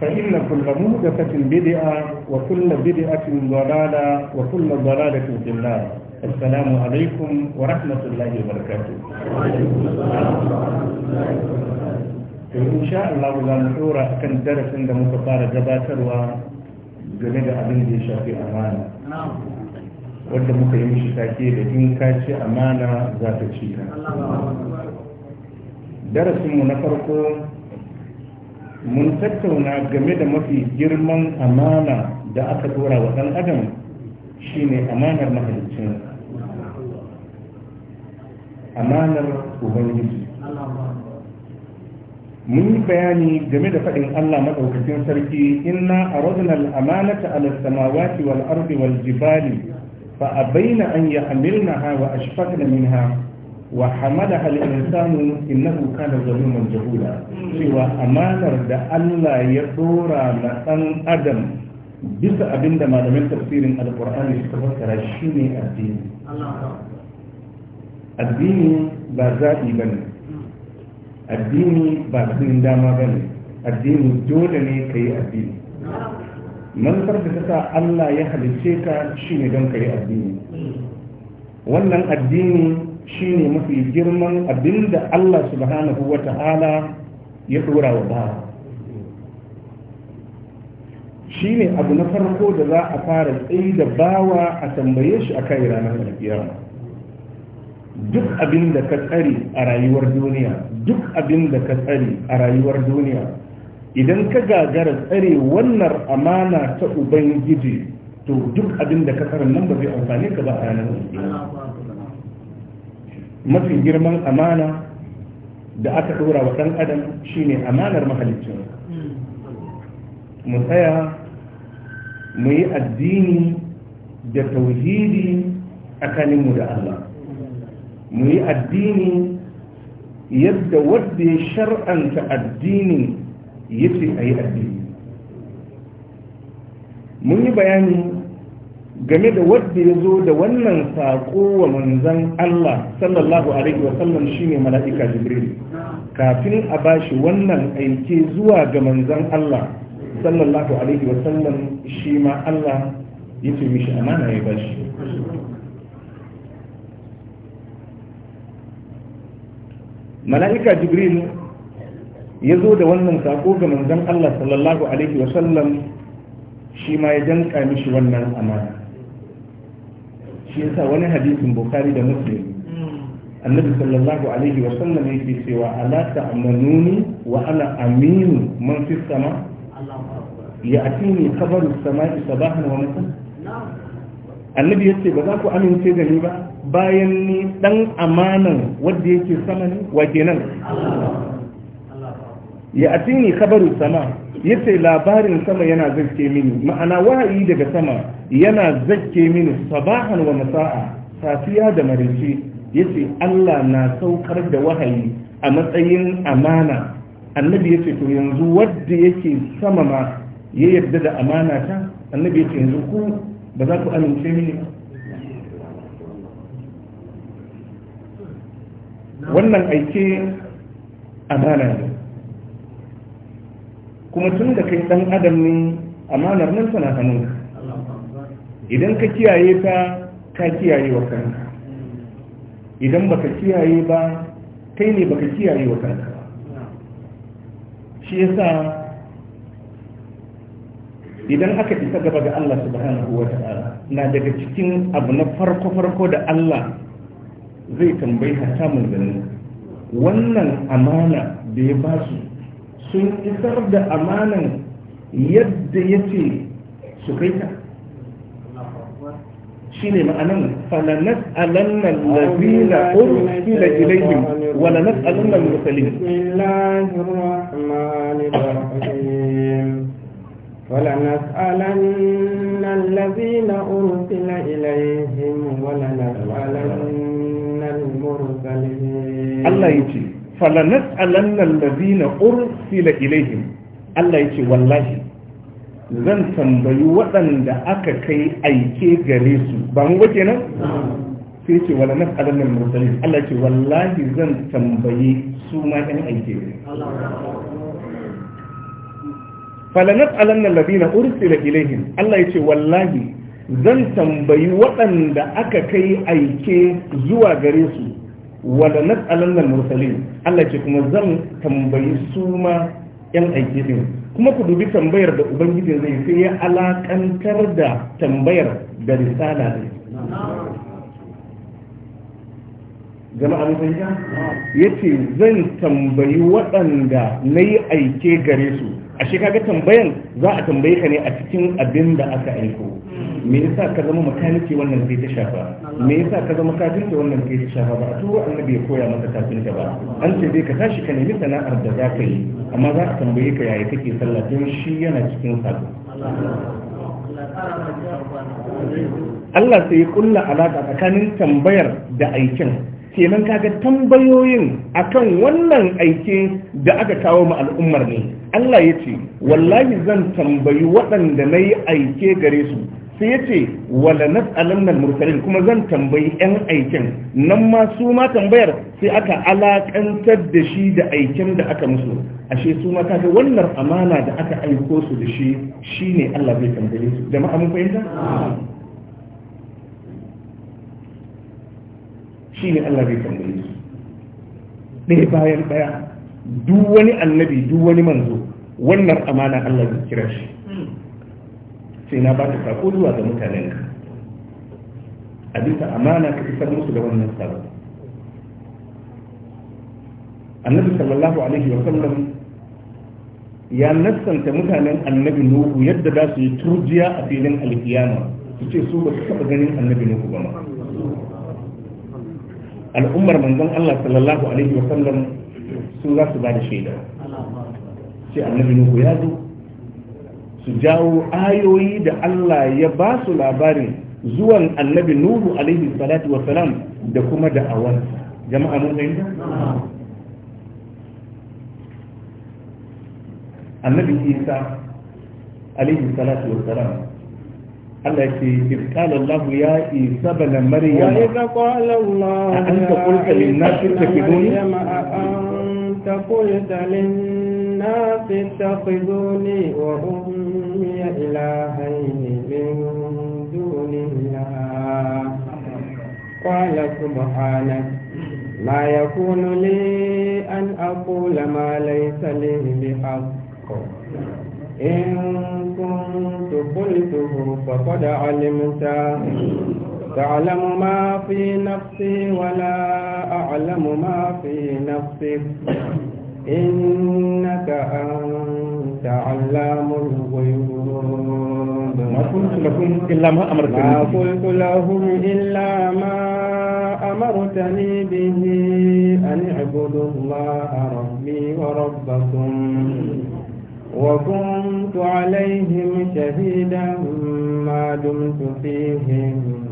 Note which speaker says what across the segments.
Speaker 1: فإن كل مهدفة بدئة وكل بدئة ضلالة وكل ضلالة في النار السلام عليكم ورحمة الله وبركاته إن شاء الله لن أورا أكن درس عند مكفار جباتر و جميل أبن دي شافي أمانة wanda muka yi mishi take da in ka ce amana mun tattauna game da mafi girman amana da aka dora wa ɗan adam shine amanar mahalicin amanar ubangiji mun yi bayani game da faɗin Allah maɗaukacin sarki inna a al-amanata ala samawati wal ardi wal jibali fa abaina an yahmilnaha wa ashfaqna minha wa hamada insanu innahu kana zaluman jahula cewa amanar da Allah ya dora na dan adam bisa abinda malamin tafsirin alqur'ani suka fassara shine addini addini ba zaɓi bane addini ba cikin dama bane addini dole ne kai addini manufar da ta Allah ya halice ka shine don kai addini wannan addini shine mafi girman abinda Allah subhanahu wa ta'ala ya dora wa shi shine abu na farko da za a fara tsayi da bawa a tambaye shi a kai ranar alkiyama duk abin da ka tsare a rayuwar duniya duk abin da ka a rayuwar duniya idan ka gagara tsare wannan amana ta ubangiji to duk abin da ka tsare nan ba zai amfani ka ba a ranar alkiyama mafi girman amana da aka ɗora wa ɗan adam shine amanar mahalicin mu tsaya mu yi addini da tauhidi tsakaninmu da Allah mu yi addini yadda wadda ya shar'anta addini ya ce a yi addini mun yi bayani game da wadda ya zo da wannan saƙo wa manzan Allah sallallahu alaihi wa sallam shine mala'ika Jibril kafin a bashi wannan aiki zuwa ga manzan Allah sallallahu alaihi wa sallam shi ma Allah ya ce mishi amana ya bashi mala'ika Jibril ya zo da wannan saƙo ga manzan Allah sallallahu alaihi wa sallam shi ma ya danka mishi wannan amana shi yasa wani hadisin bukari da muslim annabi sallallahu alaihi wa sallam yake cewa ala wa ana aminu man fi sama ya atini khabaru samai sabahan wa annabi yace ba za ku amince da ni ba bayan ni dan amanan wanda yake sama ne wa kenan ya atini khabaru yace labarin sama yana zakke mini ma'ana wahayi daga sama yana zake mini sabahan wa masa'a safiya da marici yace Allah na saukar da wahayi a matsayin amana annabi yace to yanzu wanda yake sama ma ya yarda da amana ta annabi yace yanzu ku ba za ku amince mini wannan aike amana ne kuma tun da kai dan adam ne amanar nan tana hannu, idan ka kiyaye ta ka kiyaye wa kanka idan baka kiyaye ba kai ne baka kiyaye wa kanka shi yasa idan aka isa gaba ga Allah subhanahu wa ta'ala na daga cikin abu na farko farko da Allah zai tambayi hatta manzanni wannan amana da ya ba su sun isar da amanan yadda ya ce su kai ta shi ne ma'anan falanas alannan labina ursila ilaihim walanas alannan
Speaker 2: musalin ولنسألن الذين أرسل إليهم ولنسألن المرسلين الله
Speaker 1: يجي falanas alannan lazina ursila ilaihim Allah ya ce wallahi zan tambayi waɗanda aka kai aike gare su ba mu ba nan? sai ce wala nas alannan mursalin Allah ya ce wallahi zan tambayi su ma ɗan aike ne alannan da alannan ladina ursila ilaihim Allah ya ce wallahi zan tambayi waɗanda aka kai aike zuwa gare su wala nas'alan al-mursalin Allah ce kuma zan tambayi su ma yan aiki din kuma ku dubi tambayar da ubangiji zai sai ya alakantar da tambayar da risala din jama'a mun yace zan tambayi waɗanda nayi aike gare su a shi kaga tambayan za a tambaye ka ne a cikin abin da aka aiko me yasa ka zama makaniki wannan sai ta shafa me yasa ka zama kafinta wannan sai ta shafa ba a turo annabi ya koya maka kafinta ba an ce dai ka tashi ka nemi sana'ar da za ka yi amma za ka tambaye ka yaya kake sallah don shi yana cikin sabo Allah sai ya kulla alaka tsakanin tambayar da aikin kenan kaga tambayoyin akan wannan aike da aka kawo ma al'ummar ne Allah ya ce wallahi zan tambayi waɗanda na yi aike gare su sai yace wala nas'alanna nan mursalin kuma zan tambayi yan aikin nan ma su ma tambayar sai aka alakantar da shi da aikin da aka musu ashe su ma kaga wannan amana da aka aiko su da shi shine Allah zai tambaye su jama'a mun fahimta shine Allah zai tambaye su ɗaya bayan ɗaya duk wani annabi duk wani manzo wannan amana Allah zai kira shi sai na baka sako zuwa ga mutanen ka a bisa amana ka isar musu da wannan sako annabi sallallahu alaihi wa sallam ya nassanta mutanen annabi nuhu yadda za su yi turjiya a filin alkiyama su ce su ba su taba ganin annabi nuhu ba ma al'ummar manzon Allah sallallahu alaihi wa sallam sun za su ba da shaida sai annabi nuhu ya zo su jawo ayoyi da Allah ya ba su labarin zuwan annabi nuhu alaihi salatu wa salam da kuma da'awar jama'a mun fahimta annabi isa alaihi salatu wa salam Allah ya ce Allah ya isa إذ قال الله يا عيسى بن مريم وإذا قال الله أأنت قلت ma an
Speaker 2: ta قلت lin الناس اتخذوني وأمي إلهين من دون الله قال سبحانك ما يكون لي أن أقول ما ليس لي بحق إن كنت قلته فقد علمته تعلم ما في نفسي ولا أعلم ما في نفسك إنك أنت علام الغيوب ما قلت لهم إلا ما أمرتني ما قلت لهم إلا ما أمرتني به أن اعبدوا الله ربي وربكم وكنت عليهم شهيدا ما دمت فيهم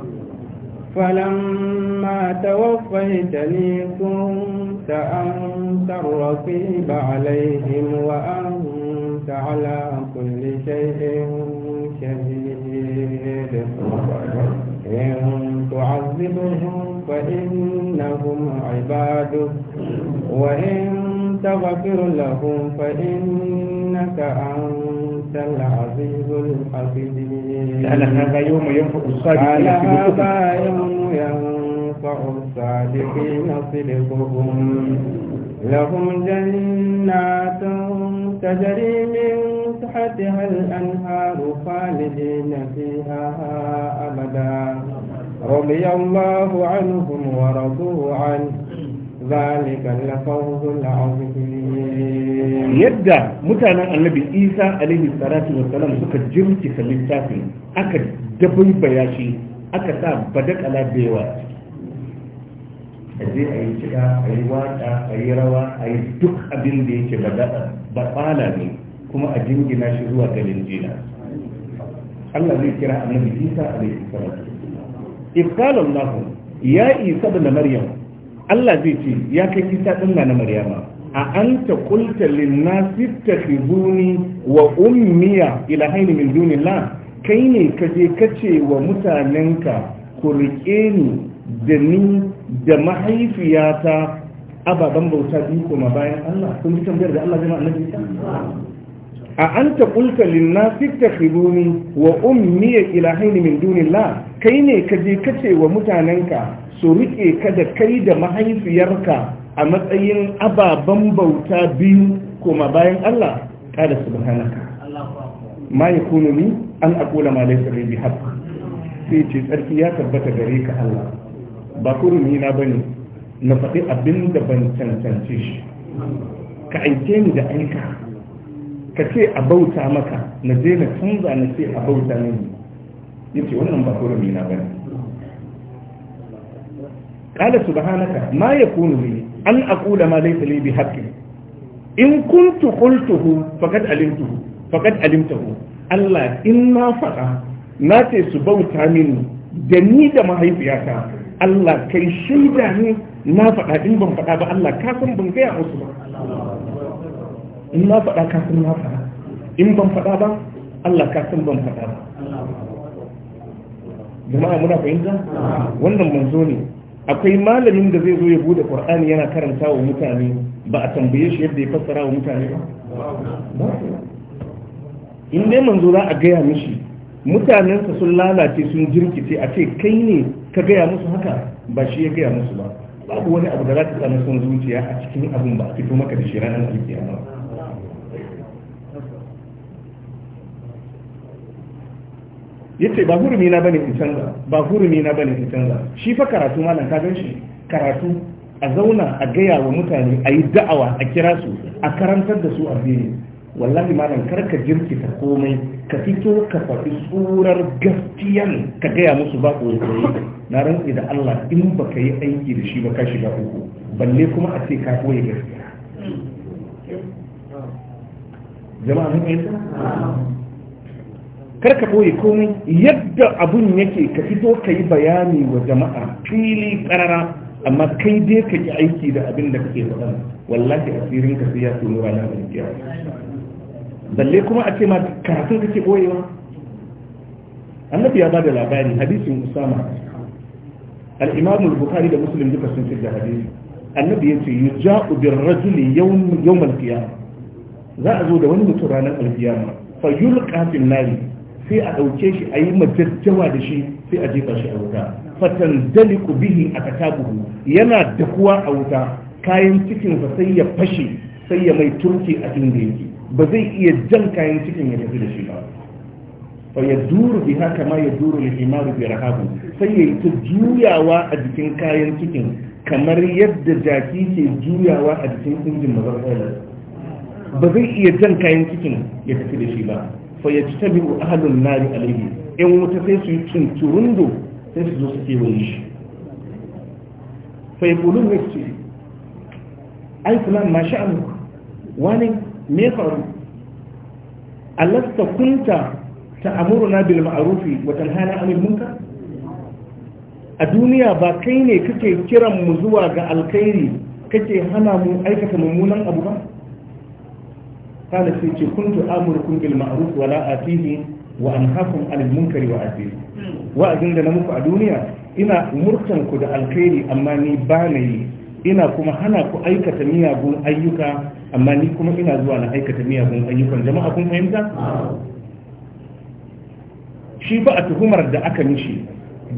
Speaker 2: فلما توفيتني كنت أنت الرقيب عليهم وأنت على كل شيء شهيد إن تعذبهم فإنهم عبادك وإن تغفر لهم فإنك أنت أنت العزيز الحكيم هذا يوم ينفع الصادقين هذا يوم ينفع الصادقين صدقهم لهم جنات تجري من تحتها الأنهار خالدين فيها أبدا رضي الله عنهم ورضوا عنه yadda
Speaker 1: mutanen annabi isa alaihi salatu Salam suka jirkita littafin aka dabai shi aka sa badakala da yawa a je a yi cika, a yi wata a yi rawa a yi duk abin da yake tsala ne kuma a jingina shi zuwa ga jina. Allah zai kira annabi isa alaihi salatu if qala ya isa da maryam Allah zai ce ya kai kisa ɗin na Maryama a an ta kulta linnasi ta wa ummiya ila haini min dunillah kai ne ka je ka ce wa mutanenka ku riƙe ni da ni da mahaifiyata ababen bauta biyu koma bayan Allah kun ji tambayar da Allah zai annabi ta a an ta kulta linnasi ta wa ummiya ila haini min dunillah kai ne ka je ka ce wa mutanenka su riƙe ka da kai da mahaifiyarka a matsayin ababen bauta biyu koma bayan Allah kada subhanaka ma ya kuno ni an akula ma laisa bi haka sai ce tsarki ya tabbata gare ka Allah ba ni na bane na faɗi abin da ban cancanci shi ka aike ni da aika ka ce a bauta maka na je na canza na ce a bauta mini yace wannan ba ni na bane qala subhanaka ma yakunu li an aqula ma laysa li bihaqqi in kuntu qultuhu faqad alimtuhu faqad alimtahu Allah in na faɗa na ce su bauta mini da ni da mahaifiyata Allah kai shaida ne na faɗa in ban faɗa ba Allah ka san ban gaya musu ba in na faɗa ka san na faɗa in ban faɗa ba Allah ka san ban faɗa muna fahimta wannan manzo akwai malamin da zai zo ya bude qur'ani yana karanta wa mutane ba a tambaye shi yadda ya fassara wa mutane ba in dai manzo za a gaya mishi mutanensa sun lalace sun jirkice a ce kai ne ka gaya musu haka ba shi ya gaya musu ba babu wani abu da za ka samu son zuciya a cikin abin ba a fito maka da shi ranar alkiyama ba yace ba hurumi na bane in canza ba hurumi na bane in canza shi fa karatu malam ka ganshi karatu a zauna a gaya wa mutane a yi da'awa a kira su a karantar da su a fili wallahi malam kar ka jirkita komai ka fito ka faɗi tsurar gaskiyan ka gaya musu ba koyi na rantsi da Allah in ba ka yi aiki da shi ba ka shiga uku balle kuma a ce ka koyi gaskiya jama'a mun kar ka ɓoye komai yadda abun yake ka fito ka yi bayani wa jama'a fili karara amma kai dai ka yi aiki da abin da kake faɗa wallahi asirin ka sai ya tono ranar da kiyar balle kuma a ce ma karatun kake ɓoyewa annabi ya bada labari hadisin usama al-imam al-bukhari da muslim duka sun da hadisi annabi yace yuja'u bir rajuli yawm yawm al-qiyamah za a zo da wani mutum ranar al-qiyamah fa yulqa fil nari sai a ɗauke shi a yi majajjawa da shi sai a jefa shi a wuta fatan daliku bihi a katabuhu yana dakuwa a wuta kayan cikin cikinsa sai ya fashe sai ya mai turki a inda yake ba zai iya jan kayan cikin ya tafi da shi ba fa ya duru bi haka ma ya duru da imaru bi rahabu sai ya yi ta juyawa a jikin kayan cikin kamar yadda jaki ke juyawa a jikin injin mazarfalar ba zai iya jan kayan cikin ya tafi da shi ba fa ya ci tabi ahalun nari alaihi in wuta sai su yi do sai su zo su kewaye shi fa ya kulu ne su ce ai fulan ma sha'anu wani me faru alasta kunta ta na bil ma'arufi wa hana amin munka a duniya ba kai ne kake kiran mu zuwa ga alkhairi kake hana mu aikata mummunan abu ba kana sai ce kuntu amurukum bil ma'ruf wa la atihi wa anhaakum 'anil munkari wa'azin da na muku a duniya ina umurtan da alkhairi amma ni ba na yi ina kuma hana ku aikata miyagun ayyuka amma ni kuma ina zuwa na aikata miyagun ayyukan jama'a kun fahimta shi ba a tuhumar da aka mishi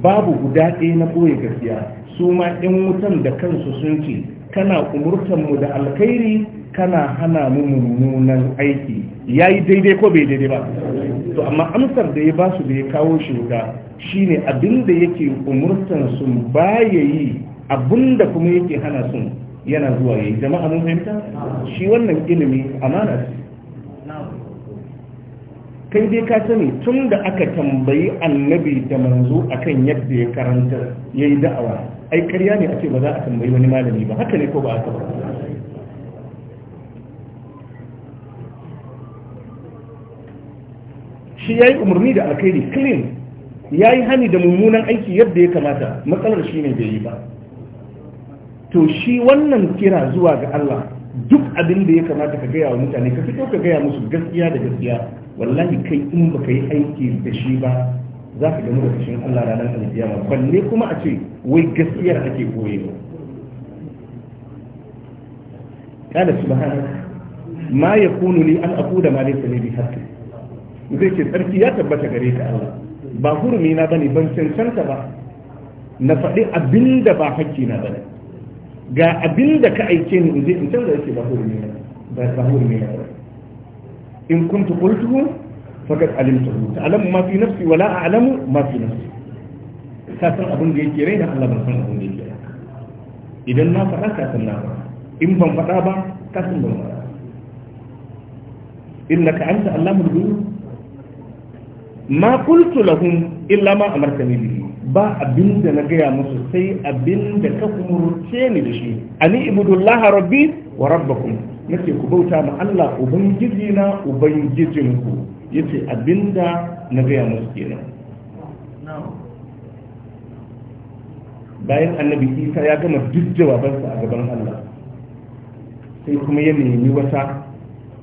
Speaker 1: babu guda ɗaya na ɓoye gaskiya su ma ɗin wutan da kansu sun ce kana umurtanmu da alkhairi kana hana mu mummunan aiki ya yi daidai ko bai daidai ba to amma amsar da ya ba su da ya kawo shuga shine abin da yake umurtan su ba ya yi abin da kuma yake hana sun yana zuwa ya yi jama'a mun fahimta shi wannan ilimi amana ce kai dai ka sani tun da aka tambayi annabi da manzo akan yadda ya karanta ya yi da'awa ai karya ne a ce ba za a tambayi wani malami ba haka ne ko ba haka ba shi ya yi umarni da alkhairi clean yi hani da mummunan aiki yadda ya kamata matsalar shi ne bai yi ba to shi wannan kira zuwa ga Allah duk abin da ya kamata ka gaya wa mutane ka fito ka gaya musu gaskiya da gaskiya wallahi kai in baka yi aiki da shi ba za ka gamu da kashin Allah ranar alkiyama balle kuma a ce wai gaskiyar ake ba Kada سبحانه ما يكون لي an أقول ma ليس لي بحق zai ce tsarki ya tabbata gare ka Allah ba hurumi na bane ban cancanta ba na faɗi abin da ba hakki na bane ga abin da ka aike ni in je in canza yake ba hurumi na ba ba hurumi na ba in kuntu qultuhu faqad alimtuhu ta'lamu ma fi nafsi wala a'lamu ma fi nafsi ka san abin da yake raina Allah ban san abin da yake idan na faɗa ka san na faɗa in ban faɗa ba ka san ban faɗa innaka anta allamul ghuyub ma kultu lahum illa ma amartani bihi ba abin da na gaya musu sai abin da ka umurce ni da shi ani ibudullaha rabbi wa rabbakum nake ku bauta ma Allah ubangiji na ku yace abinda na gaya musu kenan bayan annabi isa ya gama duk jawabansa a gaban Allah sai kuma ya nemi wata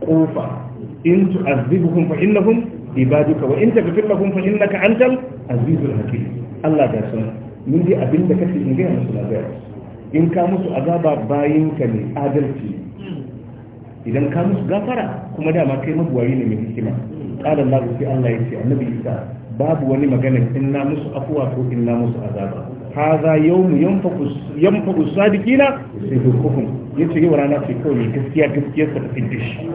Speaker 1: kofa in tu'azibuhum fa innahum ibaduka wa in taghfir lahum fa innaka antal azizul hakim Allah ya sun mun ji abin da kake in gaya musu labarai in ka musu azaba bayin ka ne adalci idan ka musu gafara kuma dama kai mabuwayi ne mai hikima qala Allah sai Allah ya ce annabi Isa babu wani magana in na musu afuwa ko in na musu azaba hadha yawm yanfaqu yanfaqu sadiqina sai hukum yace yau rana ce kawai gaskiya gaskiya ta tafi dishi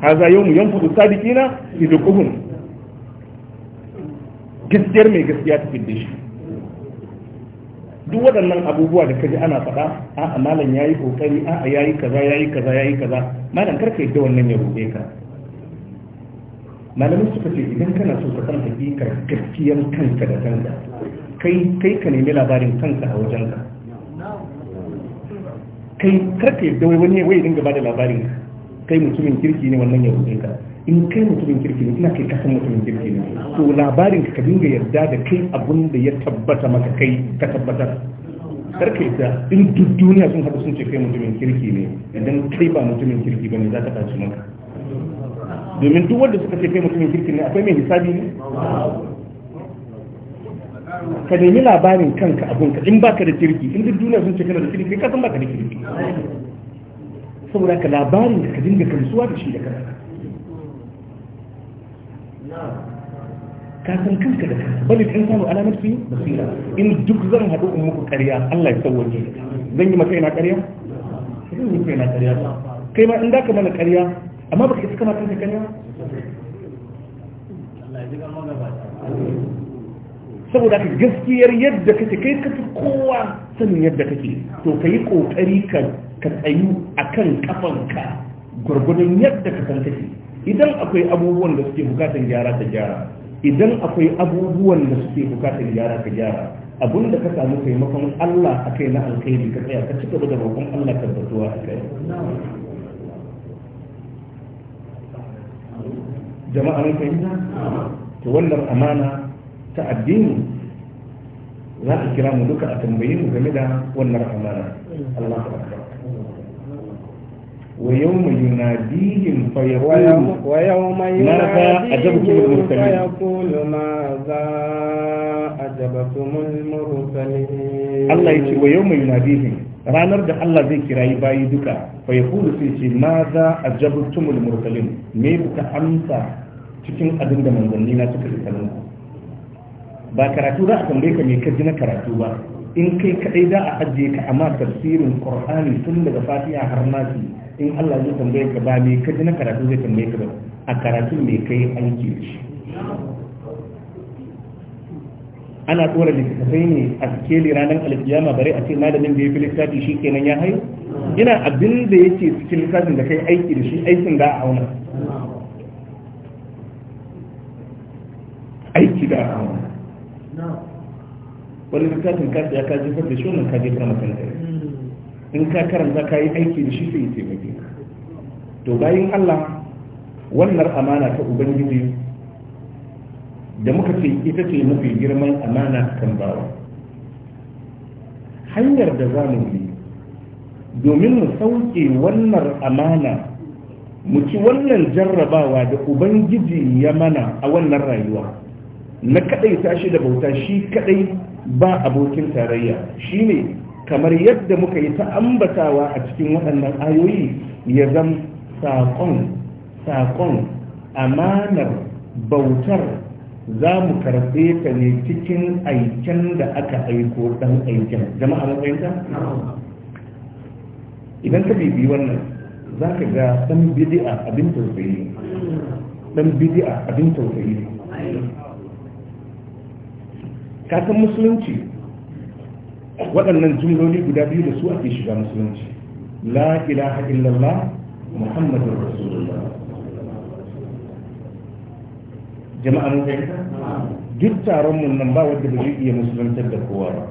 Speaker 1: haza yau mu yanfudu sadiqina sidquhum gaskiyar mai gaskiya ta fidda shi duk waɗannan abubuwa da kaji ana faɗa a malam yayi kokari a yayi kaza yayi kaza yayi kaza malam karka yadda wannan ya roƙe ka Malamin suka ce idan kana so ka san hakikar gaskiyar kanka da kanka kai kai ka nemi labarin kanka a wajenka kai karka yadda wai wani wai dinga ba da labarin ka kai mutumin kirki ne wannan ya ka in kai mutumin kirki ne ina kai kasan mutumin kirki ne to labarin ka dinga yarda da kai abun da ya tabbata maka kai ka tabbatar karka ita in duk duniya sun haɗu sun ce kai mutumin kirki ne idan kai ba mutumin kirki ba ne za ta tashi maka domin duk wanda suka ce kai mutumin kirki ne akwai mai hisabi ne ka nemi labarin kanka abun ka in baka da kirki in duk duniya sun ce kana da kirki kai ka san baka da kirki saboda ka labarin da ka dinga gamsuwa da shi da kanka ka san kanka da kanka bal in samu alamar fi basira in duk zan haɗu in muku ƙarya Allah ya sauwaje zan yi maka ina ƙarya zan yi maka ina ƙarya kai ma in da ka mana ƙarya amma baka iska ma kanka ƙarya saboda ka gaskiyar yadda kake kai ka fi kowa sanin yadda kake to ka yi ƙoƙari ka ka tsayu a kan kafanka gwargwadon yadda ka san idan akwai abubuwan da suke bukatan gyara ka gyara idan akwai abubuwan da suke bukatan gyara ka gyara Abun da ka samu taimakon Allah a kai na alkhairi ka tsaya ka cika da roƙon Allah ka a kai jama'a mun fahimta to wannan amana ta addini za a kira mu duka a tambayi mu game da wannan amana Allah ta ويوم يناديهم فيقول ويوم ماذا أجبتم المرسلين
Speaker 2: فيقول ماذا أجبتم المرسلين الله يقول ويوم
Speaker 1: يناديهم ranar da Allah zai kirayi bayi duka fa ya kulu sai ce ma za a jabtumul mursalin me kuka amsa cikin da na ba karatu za a tambaye ka me ka ji na karatu ba in kai kaɗai za a ajiye ka amma tafsirin qur'ani tun daga fatiha har nasi in Allah zai tambaye ka ba me ka na karatu zai tambaye ka ba a karatun me kai aiki shi ana tsora littattafai ne a keli ranar alkiyama bare a ce malamin da ya fi littafi shi kenan ya hayo ina abin da yake cikin littafin da kai aiki da shi aikin da a auna aiki da a
Speaker 3: auna
Speaker 1: wani littafin ka ya kaji jefar shi wannan kaji jefar makan kai in ka karanta ka yi aiki da shi sai ya taimake to bayan Allah wannan amana ta ubangiji da muka ce ita ce mafi girman amana kan bawa hanyar da za mu bi domin mu sauke wannan amana mu ci wannan jarrabawa da ubangiji ya mana a wannan rayuwa na ta shi da bauta shi kaɗai ba abokin tarayya shine kamar yadda muka yi ta ambatawa a cikin waɗannan ayoyi ya zan saƙon saƙon amanar bautar za mu karɓe ta ne cikin aiken da aka aiko ɗan aiken jama'a ta? idan ka bibi wannan za ka ga ɗan bidi'a abin tausayi ɗan bidi'a abin tausayi kasan musulunci waɗannan jumloli guda biyu da su ake shiga musulunci la ilaha illallah Muhammadu rasulullah jama'a mun fahimta duk taron mun nan ba wanda ba zai iya musulunta da kowa ba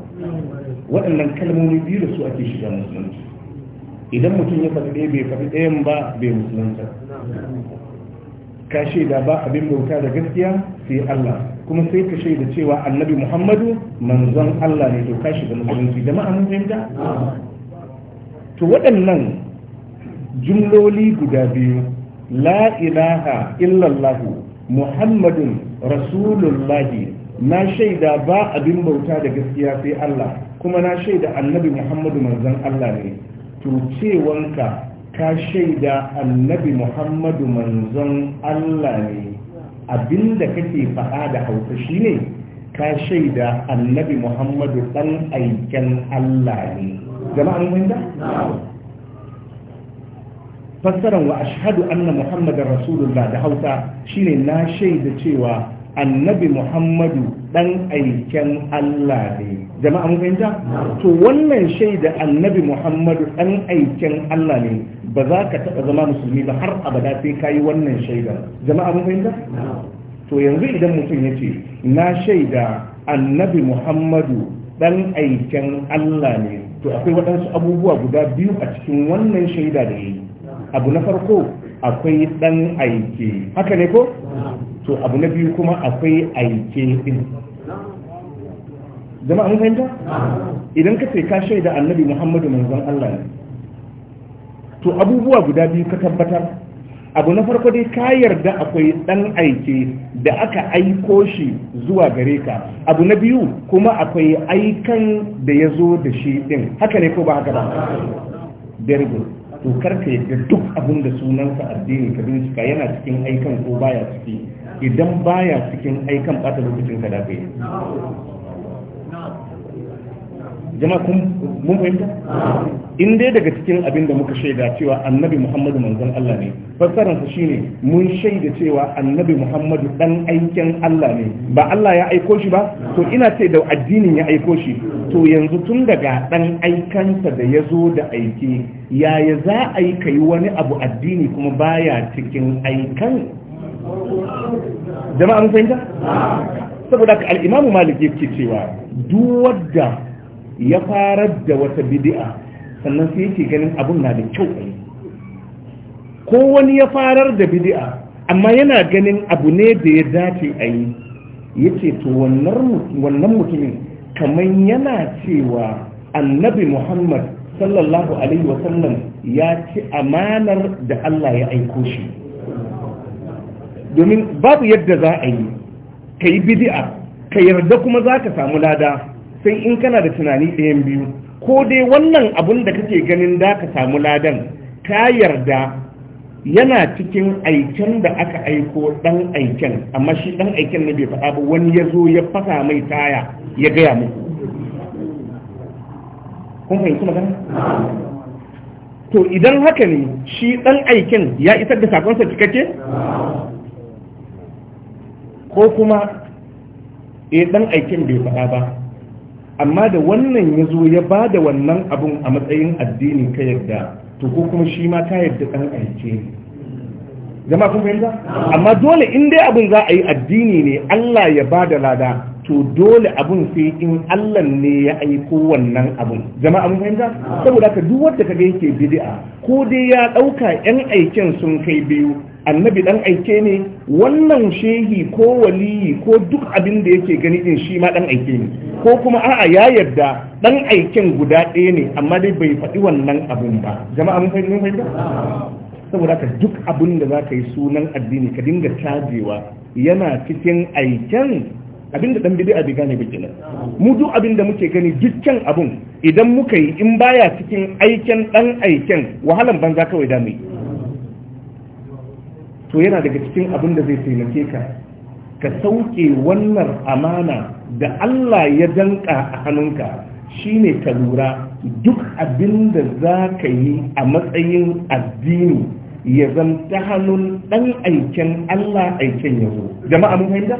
Speaker 1: waɗannan kalmomi biyu da su ake shiga musulunci idan mutum ya faɗi ɗaya bai faɗi ɗayan ba bai musulunta ka shaida ba abin bauta da gaskiya sai Allah kuma sai ka shaida cewa annabi Muhammadu manzon Allah ne to ka shiga musulunci jama'a mun fahimta to waɗannan jumloli guda biyu la ilaha illallah muhammadun rasulullahi na shaida ba abin bauta da gaskiya sai Allah kuma na shaida annabi Muhammadu manzon Allah ne to cewanka ka shaida annabi muhammadu manzon allah ne abinda kake faɗa da hausa shine ka shaida annabi muhammadu ɗan aiken allah ne jama'an wanda? fassaran wa ashhadu anna muhammadar rasulullah da hausa shine na shaida cewa annabi muhammadu dan aiken Allah ne jama'a mun fahimta to wannan shaida annabi Muhammadu dan aiken Allah ne ba za ka taɓa zama musulmi ba har abada sai ka yi wannan shaida jama'a mun fahimta to yanzu idan mutum ya ce na shaida annabi Muhammadu dan aiken Allah ne to akwai waɗansu abubuwa guda biyu a cikin wannan shaida da yi abu na farko akwai dan aike haka ne ko to abu na biyu kuma akwai aike din zama an fahimta idan ka ce ka shaida annabi muhammadu manzon allah ne to abubuwa guda biyu ka tabbatar abu na farko dai ka yarda akwai dan aike da aka aiko shi zuwa gare ka abu na biyu kuma akwai aikan da ya zo da shi din haka ne ko ba haka ba very good to karka yadda duk abin da sunansa addini ka ka yana cikin aikan ko baya ciki idan baya cikin aikan bata lokacin ka da kai
Speaker 3: jama'a kun mun fahimta
Speaker 1: in dai daga cikin abin da muka shaida cewa annabi muhammadu manzon Allah ne fassararsa shine mun shaida cewa annabi muhammadu dan aikin Allah ne ba Allah ya aiko shi ba to ina ce da addinin ya aiko shi to yanzu tun daga dan aikansa da ya zo da aiki yaya za a yi kai wani abu addini kuma baya cikin aikan jama'a mun fahimta saboda al-imamu yake cewa duk wadda. ya fara da wata bidi'a sannan sai yake ganin abun na da kyau ko wani ya farar da bid'a amma yana ganin abu ne da ya dace a yi yace to wannan mutumin kamar yana cewa annabi muhammad sallallahu alaihi wasallam ya ci amanar da allah ya aiko shi domin babu yadda za a yi ka yi bidi'a ka yarda kuma za ka samu lada sai in kana da tunani ɗayan biyu ko dai wannan abun da kake ganin da ka samu ladan ka yarda yana cikin aiken da aka aiko dan aiken amma shi dan aiken ne bai faɗa ba wani ya zo ya fasa mai taya ya gaya muku kun fahimci magana to idan haka ne shi dan aiken ya isar da sakonsa cikakke ko kuma eh dan aikin bai faɗa ba amma da wannan ya zo ya ba da wannan abun a matsayin addini ka yadda to ko kuma shi ma ka yadda ɗan aike ne zama kun fahimta amma dole in dai abun za a yi addini ne Allah ya ba da lada to dole abun sai in Allah ne ya aiko wannan abun zama abin fahimta saboda ka duk wanda kaga yake bid'a ko dai ya dauka yan aikin sun kai biyu annabi dan aike ne wannan shehi ko waliyi ko duk abin da yake gani din shi ma dan aike ne ko kuma a'a ya yarda dan aiken guda ɗaya ne amma dai bai faɗi wannan abin ba jama'a mun fahimta saboda ka duk abin da zaka yi sunan addini ka dinga cajewa yana cikin aiken abin da dan bid'a bai gane ba kenan mu duk abin da muke gani dukkan abun idan muka yi in baya cikin aiken dan aiken wahalan banza kawai da mu yi to yana daga cikin abin da zai taimake ka ka sauke wannan amana da Allah ya danka a hannunka shine ka lura duk abin da za ka yi a matsayin addini ya zan ta hannun ɗan aiken Allah aiken ya zo jama'a mun fahimta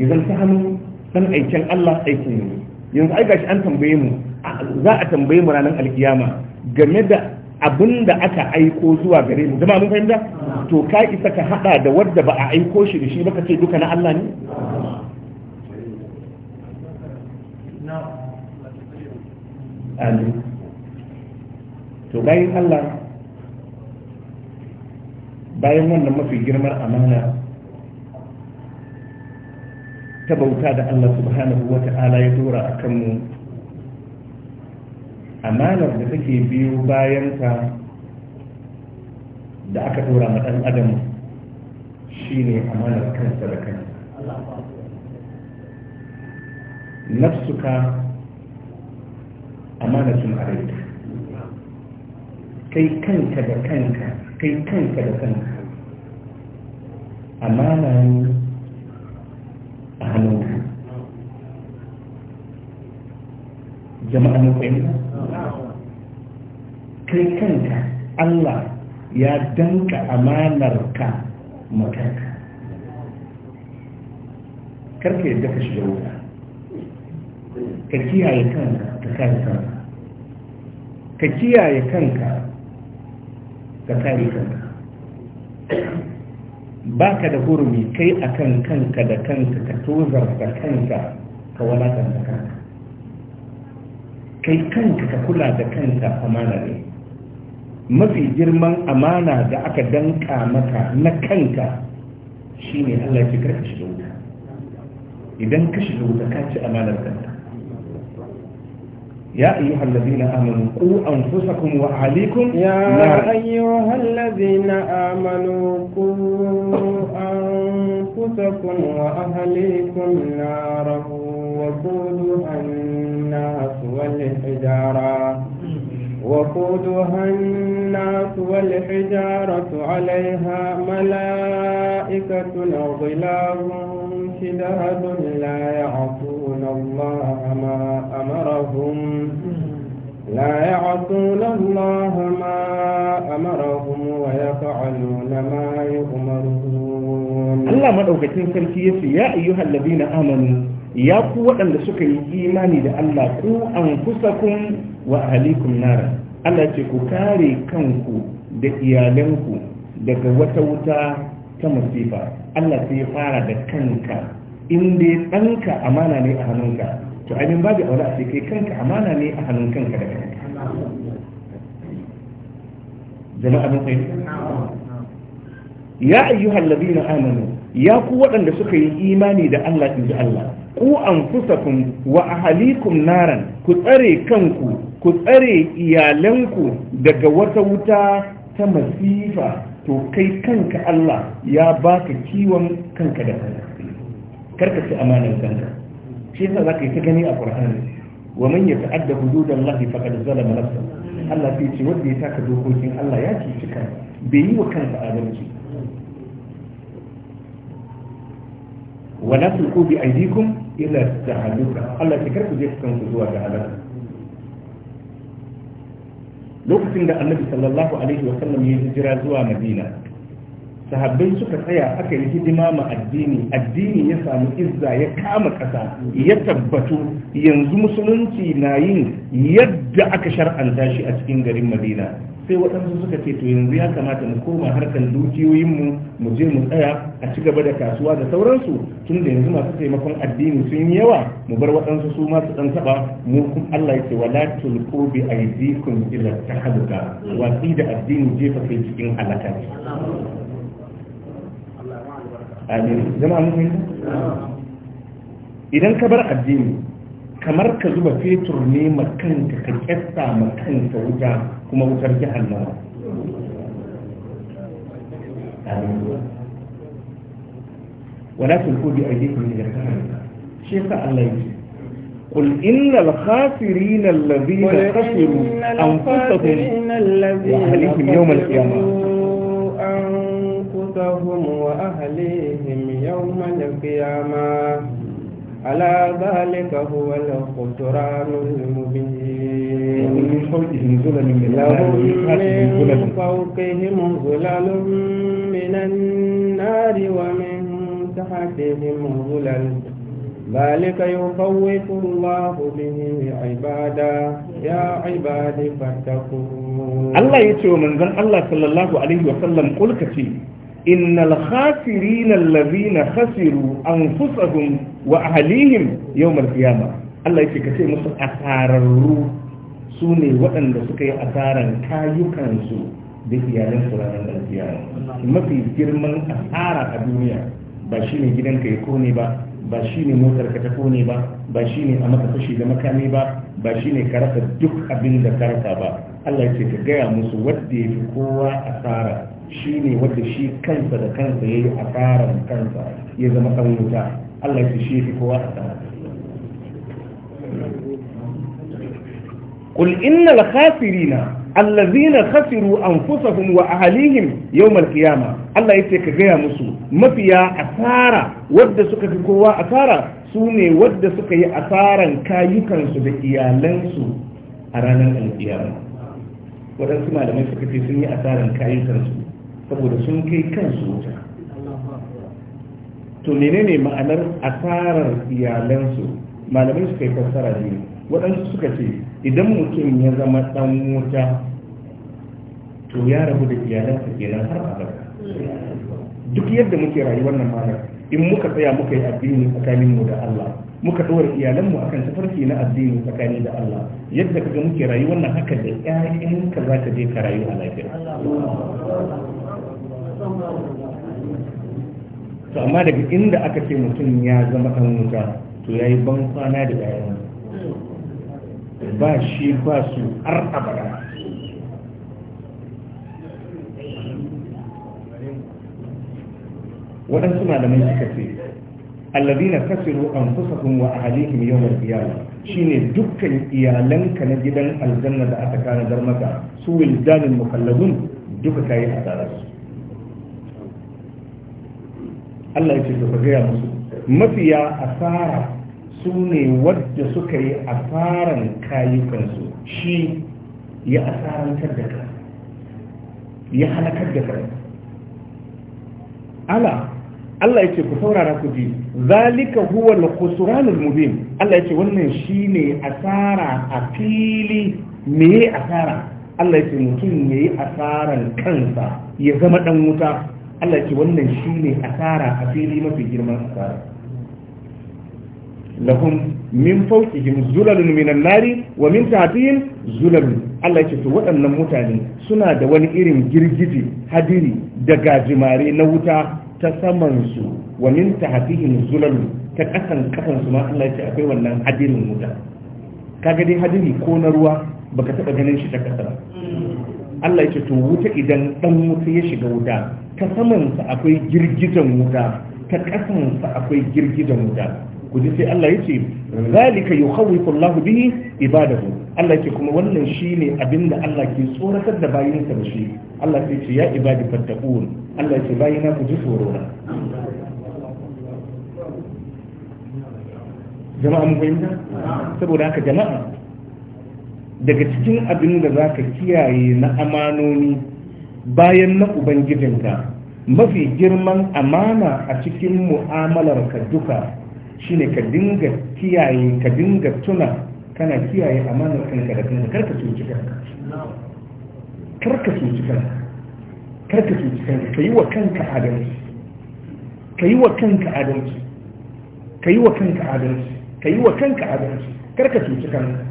Speaker 1: ya zan ta hannun ɗan aiken Allah aiken ya zo yanzu ai gashi an tambaye mu za a tambaye mu ranar alkiyama game da abin da aka aiko zuwa gare mu zama mun fahimta to ka isa ka hada da wadda ba a aiko shi da shi ba ce duka na Allah ne amin to bayan Allah bayan wannan mafi girmar amana ta bauta da Allah subhanahu wa ta'ala ya dora a mu. amanar da take biyu bayan ka da aka tura ma ɗan adam shine amanar kansa da kansa nafsuka amanatun arewa. kai kanka da kanka kai kanka da kanka amana ne a hannunka jama'a mun fahimta kai kanka Allah ya danka amanar ka makanka karka yadda ka shiga wuta ka kiyaye kanka ka kare kanka ka kiyaye kanka ta kare kanka ba ka da hurumi kai akan kanka da kanka ka da kanka ka walakanta kanka kai kanka ka kula da kanka amana ne mafi girman amana da aka danka maka na kanka shine Allah ya kira ka shiga wuta idan ka shiga wuta ka ci amanar kanka يا أيها الذين آمنوا قوا أنفسكم وأهليكم يا نار.
Speaker 2: أيها الذين آمنوا قوا أنفسكم وأهليكم نارا وقودها الناس والحجارة وقودها الناس والحجارة عليها ملائكة غلاب شداد لا يعصون الله ما أمرهم لا يعصون الله ما أمرهم ويفعلون ما يؤمرون الله
Speaker 1: ما أوكتين سلكي يا أيها الذين آمنوا ya ku waɗanda suka yi imani da Allah ku an kun wa ahalikum nara Allah ce ku kare kanku da iyalanku daga wata wuta ta masifa Allah sai fara da kanka in dai ɗanka amana ne a hannunka to abin babu aure a kai kanka amana ne a hannun kanka da kanka jama'a mun ya ayyuhal ladina amanu ya ku waɗanda suka yi imani da Allah inji Allah ku anfusakum wa ahalikum naran ku tsare kanku ku tsare iyalanku daga wata wuta ta masifa to kai kanka Allah ya baka kiwon kanka da kanka karka ci amanar kanka shi yasa zaka yi ta gani a Qur'ani wa man yata'adda hududallahi faqad zalama nafsahu Allah ya ce wanda ya taka dokokin Allah ya ci kanka bai yi wa kansa adalci wala tulqu bi aydikum ila tahalluka Allah ya karku je kan ku zuwa ga halaka lokacin da annabi sallallahu alaihi wa sallam ya hijira zuwa madina sahabbai suka tsaya aka yi hidima ma addini addini ya samu izza ya kama kasa ya tabbatu yanzu musulunci na yin yadda aka shar'anta shi a cikin garin madina sai waɗansu suka ce to yanzu ya kamata mu koma harkar
Speaker 2: dukiyoyinmu
Speaker 1: mu je mu tsaya a ci gaba da kasuwa da sauransu tun da yanzu masu taimakon addini sun yi yawa mu bar waɗansu su masu ɗan taɓa mu kun Allah ya ce la tulqu bi aydikum ila tahluka wasi da addini jefa kai cikin halaka
Speaker 3: amin jama'a
Speaker 1: mun idan ka bar addini kamar ka zuba fetur ne makanta ka kyasta makanta wuta kuma wutar jihannawa ولكن قول بأيديكم من الكافرين شيخ الله قل إن الخاسرين الذين خسروا أنفسهم وأهليهم يوم القيامة
Speaker 2: أنفسهم وأهليهم يوم القيامة ألا ذلك هو الخسران المبين ومن
Speaker 1: فوقهم ظلل من النار من
Speaker 2: فوقهم ظلل من النار ومن تحتهم ظلل ذلك يخوف الله به عبادا يا عبادي فاتقون الله
Speaker 1: يتوى من ذن الله صلى الله عليه وسلم قل كثير إن الخاسرين الذين خسروا أنفسهم وأهليهم يوم القيامة الله يكي كتير أثار أثاروا سوني وأن سكي أثارا كايوكانسو بخيالين سرانا القيامة ما في من أثار الدنيا باشيني جدا كي يكوني با باشيني موتر كتكوني با باشيني أما ne لمكاني با باشيني ne دك أبين fashi با الله ba ba shi ne ka rasa duk shi ne wanda shi kansa da kansa ya yi asarar kansa ya zama ɗan wuta Allah ya shi fi kowa asara قل إن الخاسرين الذين خسروا أنفسهم وأهليهم يوم القيامة الله يتك غير مسو ما فيها أثارة ود سكة كوا أثارة سوني ود سكة أثارا كايكا سبك يا لنسو أرانا القيامة waɗansu malamai suka ce sun yi asarar kayan kansu saboda sun kai kansu wuta to menene ma'anar asarar iyalansu malamai suka yi fassara ne waɗansu suka ce idan mutum ya zama ɗan wuta to ya rabu da iyalansa kenan har abada duk yadda muke rayuwar wannan mana in muka tsaya muka yi addini tsakanin mu da Allah muka ɗora iyalanmu kan tafarki na addini tsakani da Allah yadda kaga muke rayuwar wannan haka da ƴaƴanka za ka je ka rayu a lafiya
Speaker 3: to
Speaker 1: amma daga inda aka ce mutum ya zama kan wuta to ya yi ban kwana da bayan ba shi ba su har abada waɗansu malamai suka ce allazina kasiru fusafin wa yau da biyar, shi ne dukkan iyalanka na gidan aljanna da aka kana dar maka su wildanin mukallabun duka yi a su Allah ya ce ka gaya musu mafiya asara su ne wadda suka yi asaran kayukansu shi ya asarantar da ka ya halakar da kai ala Allah ya ce ku saurara ku ji zalika huwa al-khusranul mubin Allah ya ce wannan shine asara a fili me asara Allah ya ce mutum yayi asaran kansa ya zama dan wuta Allah ce wannan shi ne asara a fili mafi girman asara lahum min fawqihim zulalun minan nari wa min tahtihim zulalun Allah ce to waɗannan mutane suna da wani irin girgije hadiri da gajimare na wuta ta saman su wa min tahtihim zulalun ta kasan kasan ma Allah ce akwai wannan hadirin wuta kaga dai hadiri ko na ruwa baka taɓa ganin shi ta kasa Allah ya ce to wuta idan dan wuta ya shiga wuta ta samansa akwai girgizan wuta ta kasansa akwai girgizan wuta ku ji sai Allah ya ce zalika yukhawifu Allah bihi ibadahu Allah ya ce kuma wannan shine abinda Allah ke tsoratar da bayinsa da shi Allah ya ce ya ibadi fattaqun Allah ya ce bayina ku ji tsoro na jama'a mun fahimta saboda haka jama'a daga cikin abin da za ka kiyaye na amanoni bayan na ubangijinka mafi girman amana a cikin mu'amalar ka duka shine ka dinga kiyaye ka dinga tuna kana kiyaye amanar kanka da kanka karka cuci kanka karka cuci kanka karka cuci kanka ka yi wa kanka adalci ka yi wa kanka adalci ka yi wa kanka adalci ka yi wa kanka adalci karka cuci kanka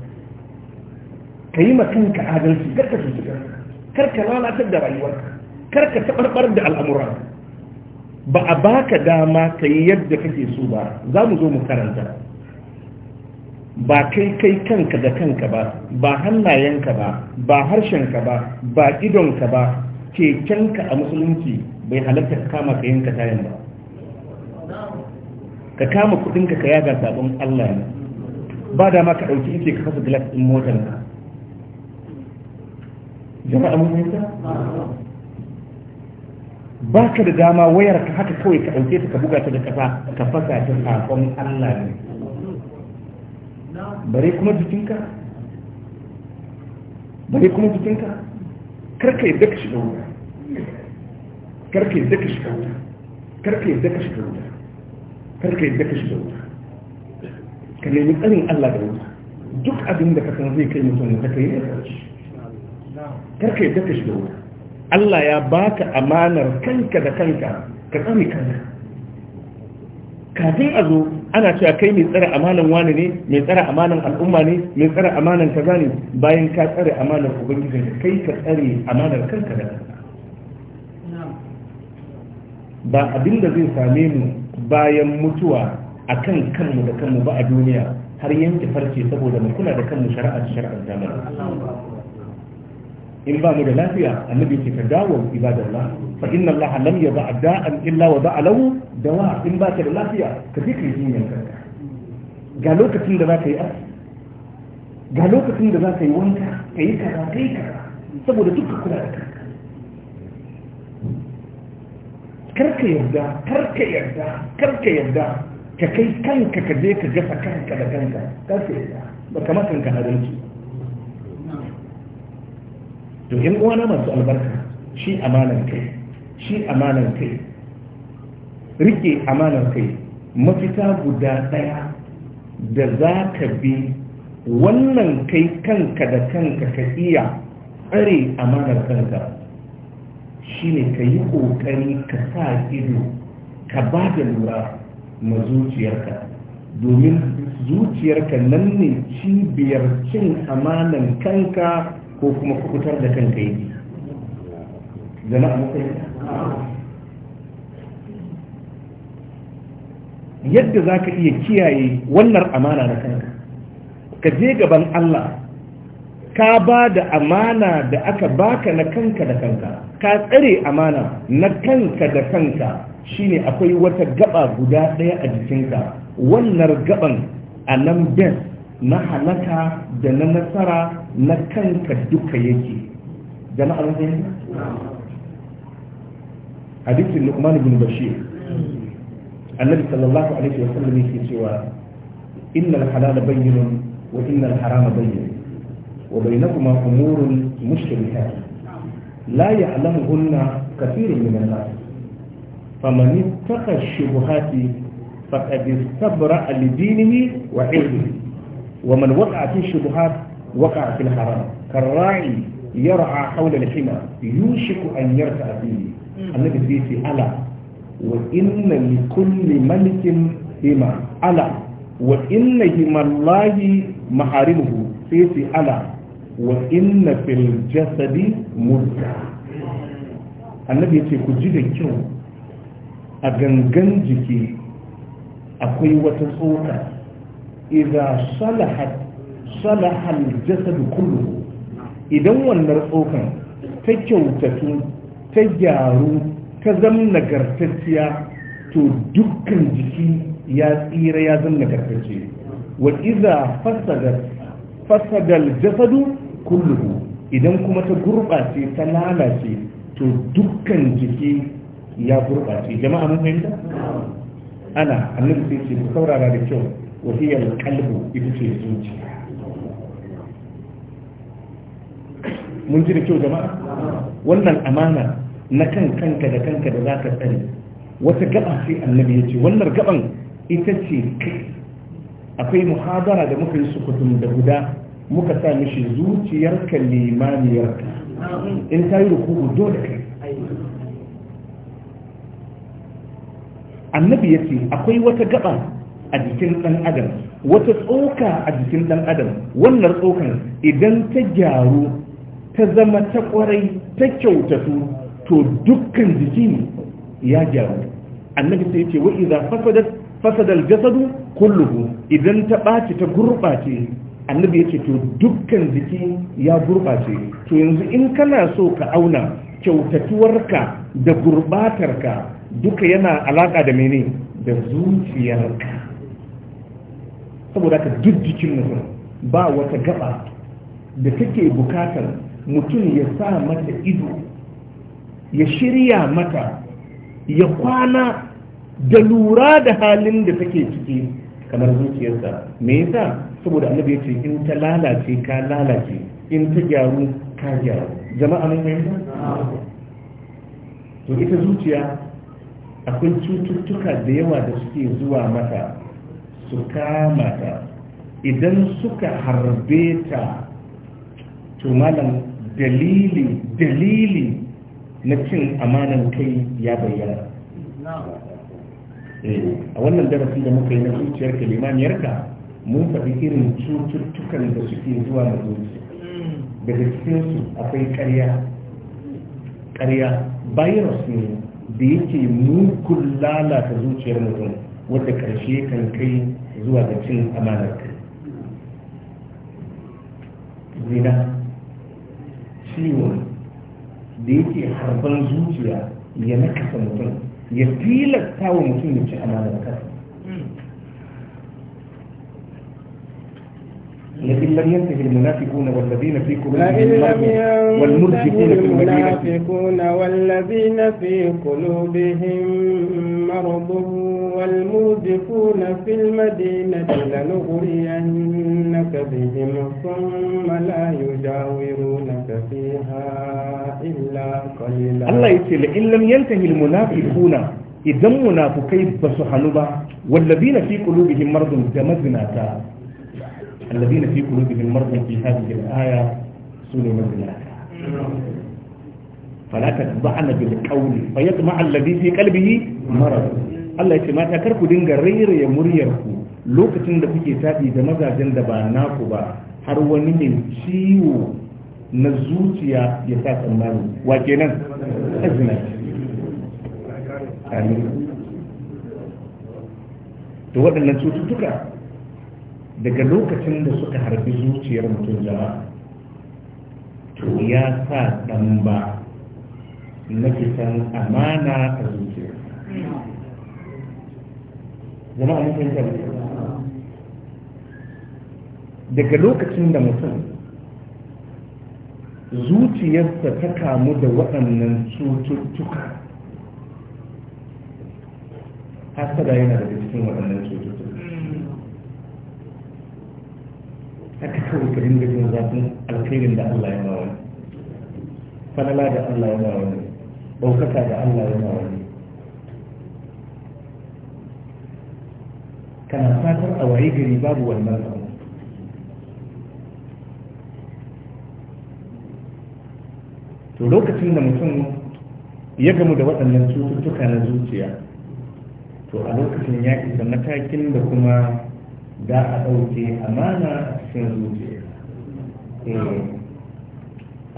Speaker 1: ka yi mutum ka adalci kar ka cuci kar lalatar da rayuwarka kar ka tabarbar da al'amura ba a baka dama ka yi yadda kake so ba za mu zo mu karanta ba kai kai kanka da kanka ba ba hannayenka ba ba harshenka ba ba idonka ba kekenka a musulunci bai halatta ka kama ka yanka tayan ba ka kama kudinka ka yaga sabon Allah ne ba dama ka ɗauki ice ka fasa glass ɗin motar ka jama'a mun yanta ba ka da dama wayar ka haka kawai ka ɗauke ta ka buga ta da kafa ka fasa ta sakon Allah ne bare kuma jikinka bare kuma jikinka karka yadda ka shiga wuta karka yadda ka shiga wuta karka yadda ka shiga wuta karka yadda ka shiga wuta ka nemi tsarin Allah da wuta duk abin da ka san zai kai mutum da ka yi da karshe karka yadda ka shiga wuta Allah ya baka amanar kanka da kanka ka tsami kanka kafin a zo ana cewa kai mai tsare amanan wani ne mai tsare amanan al'umma ne mai tsare amanan kaza ne bayan ka tsare amanar ubangiji da kai ka tsare amanar kanka da kanka ba abin da zai same mu bayan mutuwa a kan kanmu da kanmu ba a duniya har yanke farce saboda mu kula da kanmu shari'ar shari'ar zamani in ba mu da lafiya annabi ce ka dawo ibadallah fa inna Allah lam yada da'an illa wa da'a lahu dawa in ba ka da lafiya ka je ka yi jinyar kanka ga lokacin da za ka yi ga lokacin da za ka yi wanka ka yi kaza
Speaker 3: ka yi kaza saboda duka kula da kanka
Speaker 1: karka yarda karka yarda karka yarda ka kai kanka ka je ka gasa kanka da kanka karka yarda ba kamar kanka adalci to in uwana masu albarka shi amanar kai shi amanar kai rike amanar kai mafita guda ɗaya da za ka bi wannan kai kanka da kanka ka iya tsare amanar kanka shi ne ka yi ƙoƙari ka sa ido ka ba da lura ma zuciyarka domin zuciyarka nan ne cibiyar cin amanan kanka ko kuma kukutar da kanka yi yadda za ka iya kiyaye wannan amana da kanka ka je gaban Allah ka ba da amana da aka baka na kanka da kanka ka tsare amana na kanka da kanka shine akwai wata gaba guda ɗaya a jikinka wannan gaban a nan bes na halaka da na nasara na kanka duka yake jama'a mun fahimta hadisin Luqman ibn Bashir annabi sallallahu alaihi wa sallam yake cewa innal halala bayyinun wa innal harama bayyinun wa bainakuma umurun mushtabihat la ya'lamuhunna kathirun min an-nas faman ittaqa ash-shubuhati faqad istabra li dinihi wa 'irdihi ومن وقع في الشبهات وقع في الحرام كالراعي يرعى حول الحمى يوشك أن يرتع فيه النبي سيسي ألا وإن لكل ملك حمى ألا وإن هم الله محارمه سيسي ألا وإن في الجسد مدة النبي يقول كجد الجو أغنغن جكي أكوي وتصوتا إذا صلحت salaha aljasadu jasad idan wannan tsokan ta kyautatu ta gyaru ta zama nagartacciya to dukkan jiki ya tsira ya zama nagartacce wa iza jasadu kullu idan kuma ta gurɓace ta lalace to dukkan jiki ya gurɓace jama'a mun fahimta ana annabi sai ce ku saurara da kyau wa hiya ita ce zuciya mun ji da kyau jama'a wannan amana na kan kanka da kanka da za ka tsare wata gaba sai annabi ya ce wannan gaban ita ce akwai muhadara da muka yi sukutun da guda muka sa mishi zuciyarka limaniyarka in ta yi rukuku dole kai annabi ya ce akwai wata gaba a jikin ɗan adam wata tsoka a jikin ɗan adam wannan tsokan idan ta gyaru ta zama ta kwarai ta kyautatu to dukkan jiki ne ya gyaru annabi sai ce wa idza fasadat fasada jasadu kulluhu idan ta ɓaci ta gurɓace annabi yace to dukkan jiki ya gurɓace to yanzu in kana so ka auna kyautatuwarka da gurɓatarka duka yana alaƙa da mene da zuciyarka saboda ka duk jikin mutum ba wata gaba da take bukatar mutum ya sa mata ido ya shirya mata ya kwana da lura da halin da take ciki kamar zuciyarsa me yasa saboda annabi ya ce in ta lalace ka lalace in ta gyaru ka gyaru jama'a mun fahimta to ita zuciya akwai cututtuka da yawa da suke zuwa mata su kama ta idan suka harbe ta to malam dalili dalili na cin amanan kai ya bayyana eh, a wannan darasin da muka yi na zuciyarka limaniyarka mun faɗi irin cututtukan da suke zuwa da zuciya daga cikinsu akwai karya. Karya virus ne da yake mugun lalata zuciyar mutum wadda ƙarshe kan kai zuwa da cin amanar kai zina ciwon da yake harbar zuciya ya nakasa mutum ya tilasta wa mutum ya ci amana da لكن لم ينتهي المنافقون والذين في قلوبهم والمرجفون في المنافقون
Speaker 2: والذين في قلوبهم مرض والمرجفون في المدينة لنغرينك بهم ثم لا يجاورونك فيها إلا قليلا الله يسأل
Speaker 1: إن لم ينتهي المنافقون إذا منافقين بسحنوا والذين في قلوبهم مرض دمزناك الذين في قلوبهم مرض في هذه الآية سنة من فلا تتبعن بالقول فيطمع الذي في قلبه مرض Allah ya ce mata kar ku dinga rairaya muryar ku lokacin da kuke taɗi da mazajen da ba naku ba har wani mai ciwo na zuciya ya sa tsammani wa amin to waɗannan cututtuka daga lokacin da suka harbi zuciyar mutum jama'a to ya sa ɗan ba na fitan amana a zuciya zama a fahimta da daga lokacin da mutum zuciyarsa ta kamu da waɗannan cututtuka hasada yana daga cikin waɗannan cututtuka haka kawai ka dinga jin zafin alkhairin da Allah ya bawa falala da Allah ya bawa ne ɗaukaka da Allah ya bawa ne kana fatar a waye gari babu wannan abu to lokacin da mutum ya gamu da waɗannan cututtuka na zuciya to a lokacin ya isa matakin da kuma za a ɗauke amana cikin zuciya eh,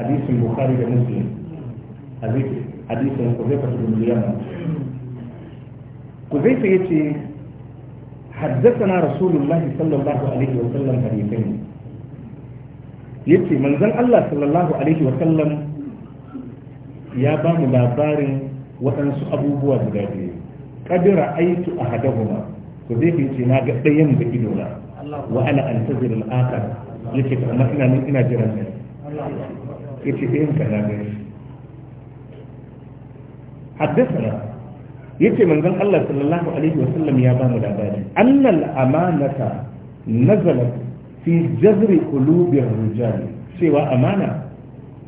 Speaker 1: hadisin bukari da muslim hadisin kuzaifa ibn yamma kuzaifa yace حدثنا رسول الله صلى الله عليه وسلم حديثين yace manzon Allah sallallahu alaihi wa sallam ya ba mu labarin waɗansu abubuwa guda biyu kadira aitu ahadahuma ko zai ce na ga ɗayan da ido na wa ana antazir al-akhar yace amma ina nan ina jira ne
Speaker 3: Ya ce
Speaker 1: yace sai eh in kana ga haddathana yace manzon Allah sallallahu alaihi wasallam ya ba mu labari annal amanata nazalat fi jazri qulubir rijal cewa amana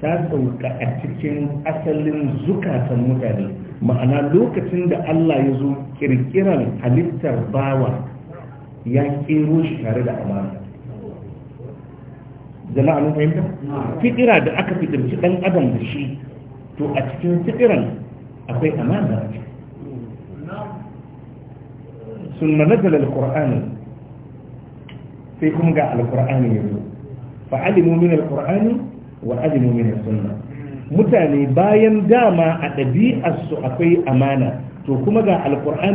Speaker 1: ta sauka a cikin asalin zukatan mutane ma'ana lokacin da Allah ya zo kirkiran halittar bawa ya kero shi tare da amana jama'a mun fahimta fitira da aka fitirci dan adam da shi to a cikin fitiran akwai amana sun manazala alqur'ani sai kuma ga alqur'ani yazo fa alimu min alqur'ani wa alimu min sunna mutane bayan dama a ɗabi'arsu akwai amana to kuma ga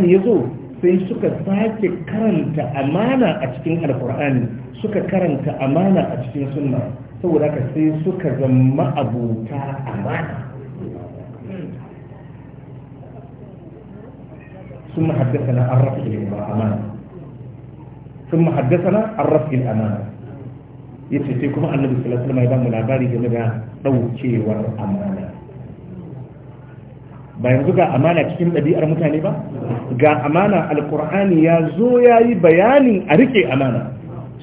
Speaker 1: ya zo? sai suka sake karanta amana a cikin alkur'ani suka karanta amana a cikin sunna saboda haka sai suka zama abuta amana ثم حدثنا عن رفع الأمانة ثم حدثنا عن رفع الأمانة yace sai kuma annabi sallallahu alaihi wasallam ya ba mu labari والأمانة ba yanzu ga amana cikin ɗabi'ar mutane ba ga amana Alƙur'ani ya zo ya yi bayani a rike amana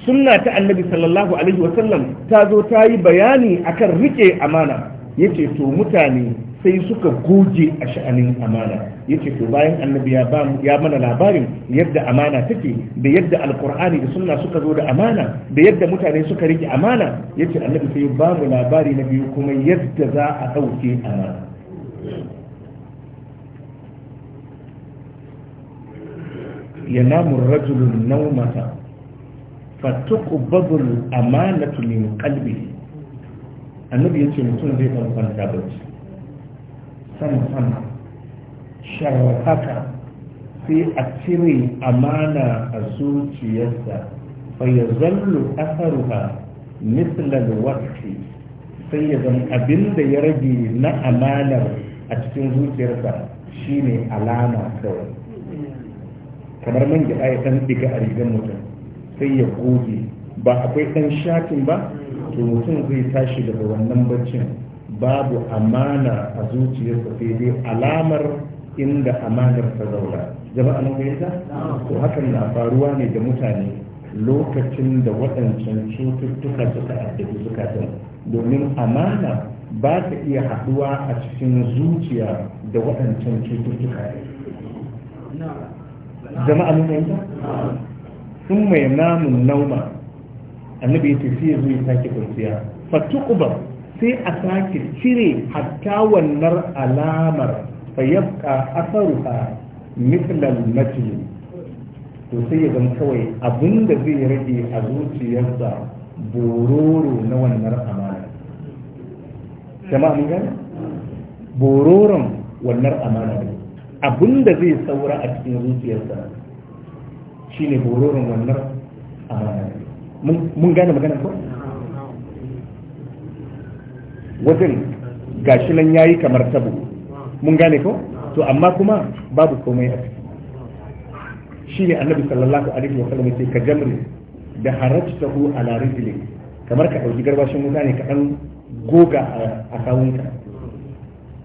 Speaker 1: sunna ta annabi sallallahu alaihi wasallam ta zo ta yi bayani akan rike amana yace to mutane sai suka goge a sha'anin amana yace to bayan annabi ya ba ya mana labarin yadda amana take da yadda Alƙur'ani da sunna suka zo da amana da yadda mutane suka rike amana yace annabi sai ba mu labari na biyu kuma yadda za a ɗauke amana ينام الرجل النومة فتقبض الأمانة من قلبه النبي يقول mutum zai kan kwanta bacci sama sama haka sai a cire amana a zuciyarsa fa ya zallu asaruha mislal waqti sai ya zama abin da ya rage na amanar a cikin zuciyarsa shine alama kawai kamar man gyaɗa ya san diga a rigar mutum sai ya goge ba akwai ɗan shafin ba to mutum zai tashi daga wannan baccin babu amana a zuciyarsa sai dai alamar inda amanar ta zaura jama'a mun ta to hakan na faruwa ne da mutane lokacin da waɗancan cututtuka suka addabi ta domin amana ba ta iya haɗuwa a cikin zuciya da waɗancan cututtuka
Speaker 3: jama'a mun yanka
Speaker 1: sun mai namun nauma annabi ya tafi ya zo ya sake kwanciya fatukuba sai a sake cire hatta wannan alamar fa yabqa asaruha mithlal majlis to sai ya zama kawai abinda zai rage a zuciyarsa bororo na wannan amana jama'a mun gane bororon wannan amana ne abin da zai saura a cikin zuciyarsa shi ne hororon wannan mun gane magana ko wajen gashi ya yi kamar tabo mun gane ko to amma kuma babu komai a ciki shi ne annabi sallallahu alaihi wa sallam ce ka jamri da harajtahu ala rijli kamar ka ɗauki garbashin wuta ne ka ɗan goga a kawunka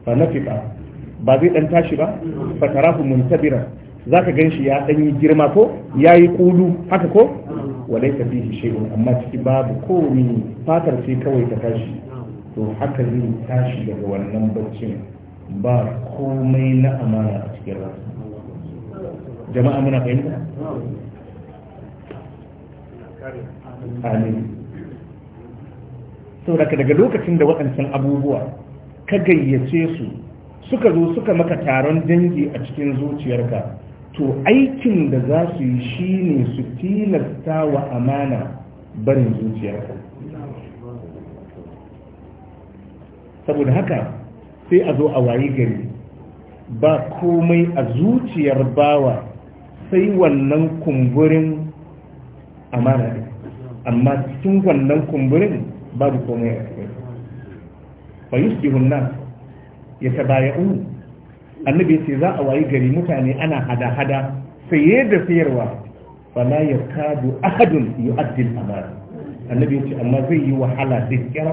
Speaker 1: fa nafiqa ba zai dan tashi ba fatarahu muntabira zaka ganshi ya dan yi girma ko yayi kudu haka ko walaysa fihi shay'un amma ciki babu komi fatar sai kawai ta tashi to haka zai tashi daga wannan baccin ba komai na amana a cikin ransa
Speaker 3: jama'a muna fahimta amin
Speaker 1: saboda daga lokacin da waɗancan abubuwa ka gayyace su suka zo suka maka taron dangi a cikin zuciyarka to aikin da za su yi shi ne su tilasta wa amana barin zuciyarka saboda haka sai a zo a wayi gari ba komai a zuciyar bawa sai wannan kumburin amana ne amma cikin wannan kumburin babu komai a cikin fa yusbihun nas ya uku? annabi ya ce za a wayi gari mutane ana hada-hada saye da sayarwa fala ya kadu ahadun yu'addil amana annabi ya ce amma zai yi wahala da kyar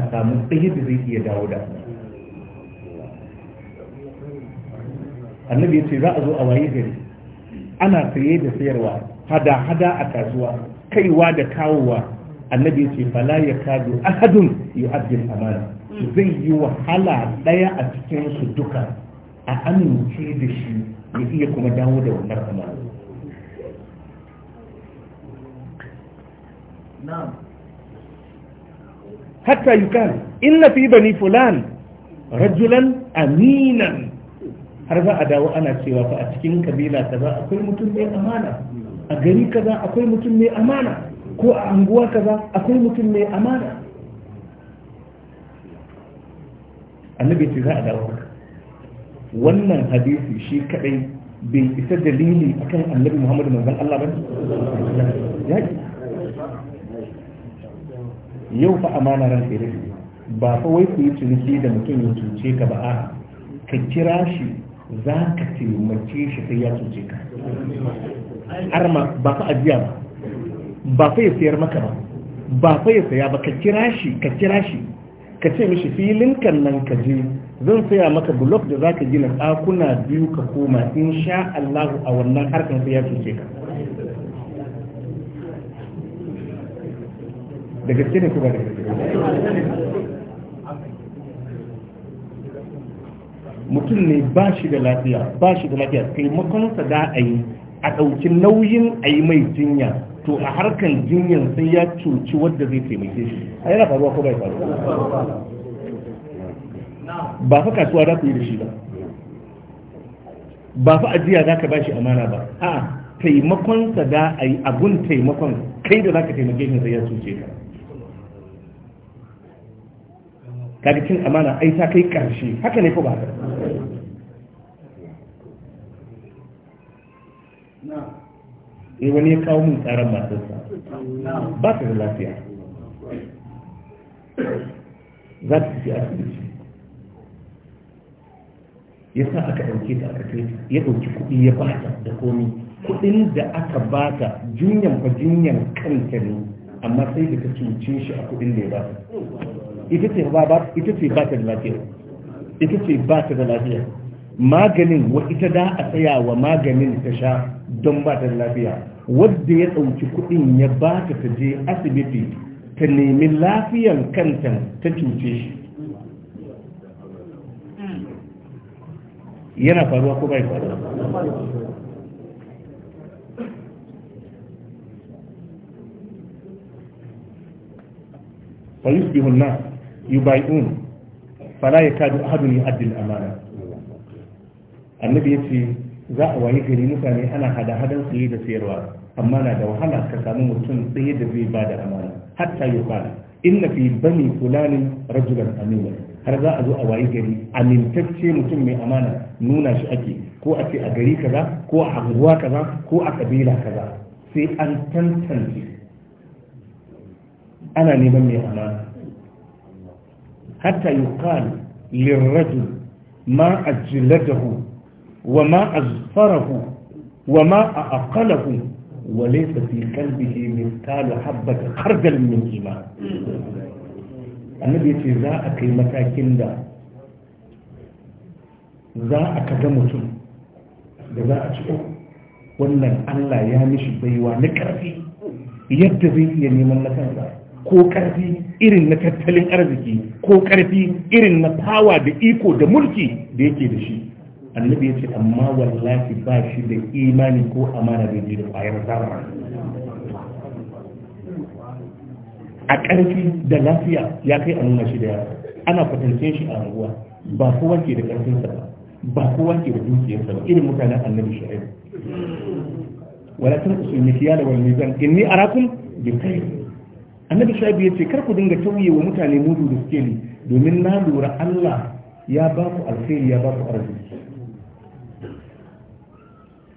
Speaker 1: a samu ɗaya da zai iya dawo da annabi ya ce za a zo a wayi gari ana saye da sayarwa hada-hada a kasuwa kaiwa da kawowa annabi ya ce bala ya kadu ahadun yu'addil amana zai yi wahala ɗaya a cikin su duka a amince da shi ya iya kuma dawo da wannan kuma hatta kan inna fi bani fulan rajulan aminan har za a dawo ana cewa fa a cikin kabila ta za akwai mutum mai amana a gari kaza akwai mutum mai amana ko a anguwa kaza akwai mutum mai amana annabi ce za a dawo wannan hadisi shi kadai bai isa dalili akan annabi muhammadu manzon Allah ba ya yau fa amana ran sai dai ba fa wai ku yi ciniki da mutum ya cuce ka ba a ka kira shi za ka taimake shi sai ya cuce ka arma ba fa ajiya ba ba fa ya sayar maka ba ba fa ya saya ba ka kira shi ka kira shi ka ce mishi filin kan nan ka je zan saya maka bulok da za ka gina ɗakuna biyu ka koma insha Allah a wannan harkar sai ya cuce ka da gaske ne kuma da mutum ne ba shi da lafiya ba shi da lafiya taimakonsa da a yi a ɗauki nauyin a yi mai jinya to a harkar jinyar sai ya cuci wadda zai taimake shi a yana faruwa ko bai faruwa
Speaker 3: ba fa kasuwa za
Speaker 1: ku yi da shi ba ba fa ajiya za ka ba shi amana ba a taimakonsa da a yi abun taimakon kai da za ka taimake shi sai ya cuce ka kaga cin amana ai ta kai karshe haka ne ko ba sai wani ya kawo min tsaron matarsa ba ta da lafiya za ta fi asibiti ya sa aka ɗauke ta aka kai ya ɗauki kuɗi ya ba ta da komi kuɗin da aka ba ta jinyan fa jinyan kanta ne amma sai da ta cuce shi a kuɗin da ya ba ta ita ce ba ta da lafiya ita ce ba ta da lafiya maganin wa ita da a tsaya wa maganin ta sha don ba ta lafiya wadda ya ɗauki kuɗin ya ba ta ta je asibiti ta nemi lafiyan kanta ta cuce shi yana faruwa ko bai faruwa fa yusbihun nas yubai'un fala yakadu ahadun yu'addi al-amana annabi ya ce za a wayi gari mutane ana hada-hadan tsaye da sayarwa amma na da wahala ka samu mutum tsaye da zai ba da amana hatta yi kwana inna fi bani fulanin rajulan amina har za a zo a wayi gari amintacce mutum mai amana nuna shi ake ko a ce a gari kaza ko a anguwa kaza ko a kabila kaza sai an tantance ana neman mai amana hatta yuqal lirrajul ma ajladahu wa ma azfarahu wa ma aqalahu wa laysa fi qalbihi mithqalu habbati khardal min iman annabi yace za a kai matakin da za a kaga mutum da za a ci wannan Allah ya mishi baiwa ƙarfi yadda zai iya neman ko ƙarfi irin na tattalin arziki ko ƙarfi irin na fawa da iko da mulki da yake da shi annabi ya ce amma wallahi ba shi da imani ko amana bai je da kwayar zarra a ƙarfi da lafiya ya kai a nuna shi da yara ana kwatance shi a anguwa ba kowa ke da ƙarfinsa ba ba kowa ke da dukiyarsa ba irin mutanen annabi shu'aib walakin usul mikiya da wal mizan inni arakum bi khair annabi shu'aib ya ce kar ku dinga tauye wa mutane mudu da suke domin na lura Allah ya ba ku alkhairi ya ba ku arziki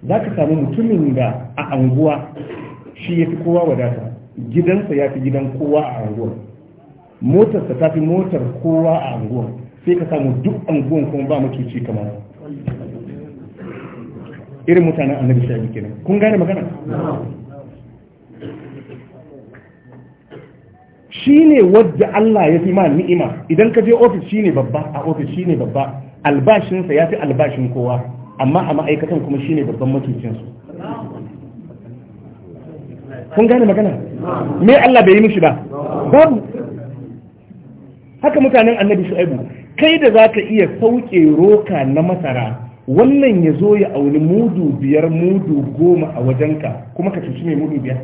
Speaker 1: za ka samu mutumin da a anguwa shi ya fi kowa wadata gidansa ya fi gidan kowa a anguwa motarsa ta fi motar kowa a anguwa sai ka samu duk anguwan kuma ba mutuci kamar irin mutanen annabi shayi kenan kun gane magana shi ne wadda Allah ya fi ma ni'ima idan ka je ofis shi ne babba a ofis shi ne babba albashinsa ya fi albashin kowa amma a ma'aikatan kuma shine babban su
Speaker 3: kun gane magana me Allah bai yi mishi ba babu
Speaker 1: haka mutanen annabi shu'aibu kai da za ka iya sauke roka na masara wannan ya zo ya auni mudu biyar mudu goma a wajenka kuma ka cuci mai mudu biyar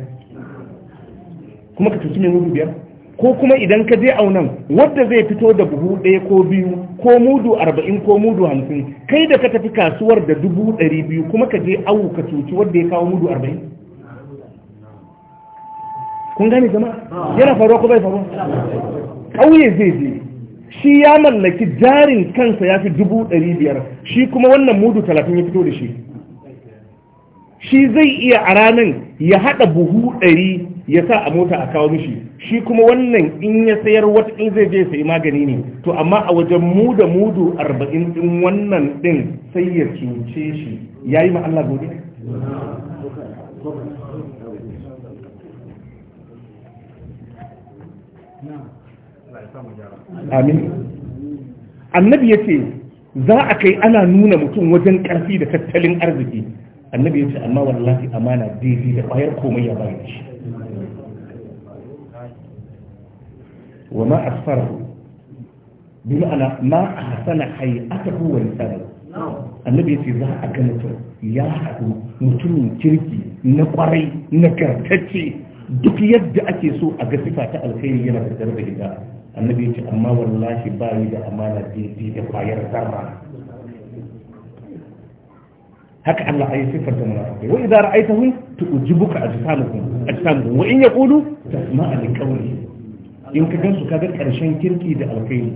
Speaker 1: kuma ka cuci mai mudu biyar ko kuma idan ka je aunan wadda zai fito da buhu ɗaya ko biyu ko mudu arba'in ko mudu hamsin kai da ka tafi kasuwar da dubu ɗari biyu kuma ka je awu ka cuci wadda ya kawo mudu arba'in kun gane jama'a yana faruwa ko bai faruwa ƙauye zai je shi ya mallaki jarin kansa ya fi dubu ɗari biyar shi kuma wannan mudu talatin ya fito da shi shi zai iya a ranar ya haɗa buhu ɗari ya sa a mota a kawo mishi shi kuma wannan in ya sayar wata in zai je sai magani ne to amma a wajen mu da mudu arba'in din wannan din sai ya cuce shi ya yi Allah godiya amin annabi ya ce za a kai ana nuna mutum wajen ƙarfi da tattalin arziki annabi ya ce amma wallahi amana daidai da ƙwayar komai ya bayar shi wa ma asfarahu bi ma'ana ma ahsana hay'atahu wa lisanahu annabi yace za a ga mutum ya haɗu mutumin kirki na kwarai na kartacce duk yadda ake so a ga sifa ta alkhairi yana da da ita annabi ce amma wallahi ba yi da amana daidai da kwayar zarra هكا الله أي صفة المنافقين وإذا رأيتهم تؤجبك أجسامهم أجسامهم وإن يقولوا تسمع لقوله in ka gansu kaga karshen kirki da alkhairi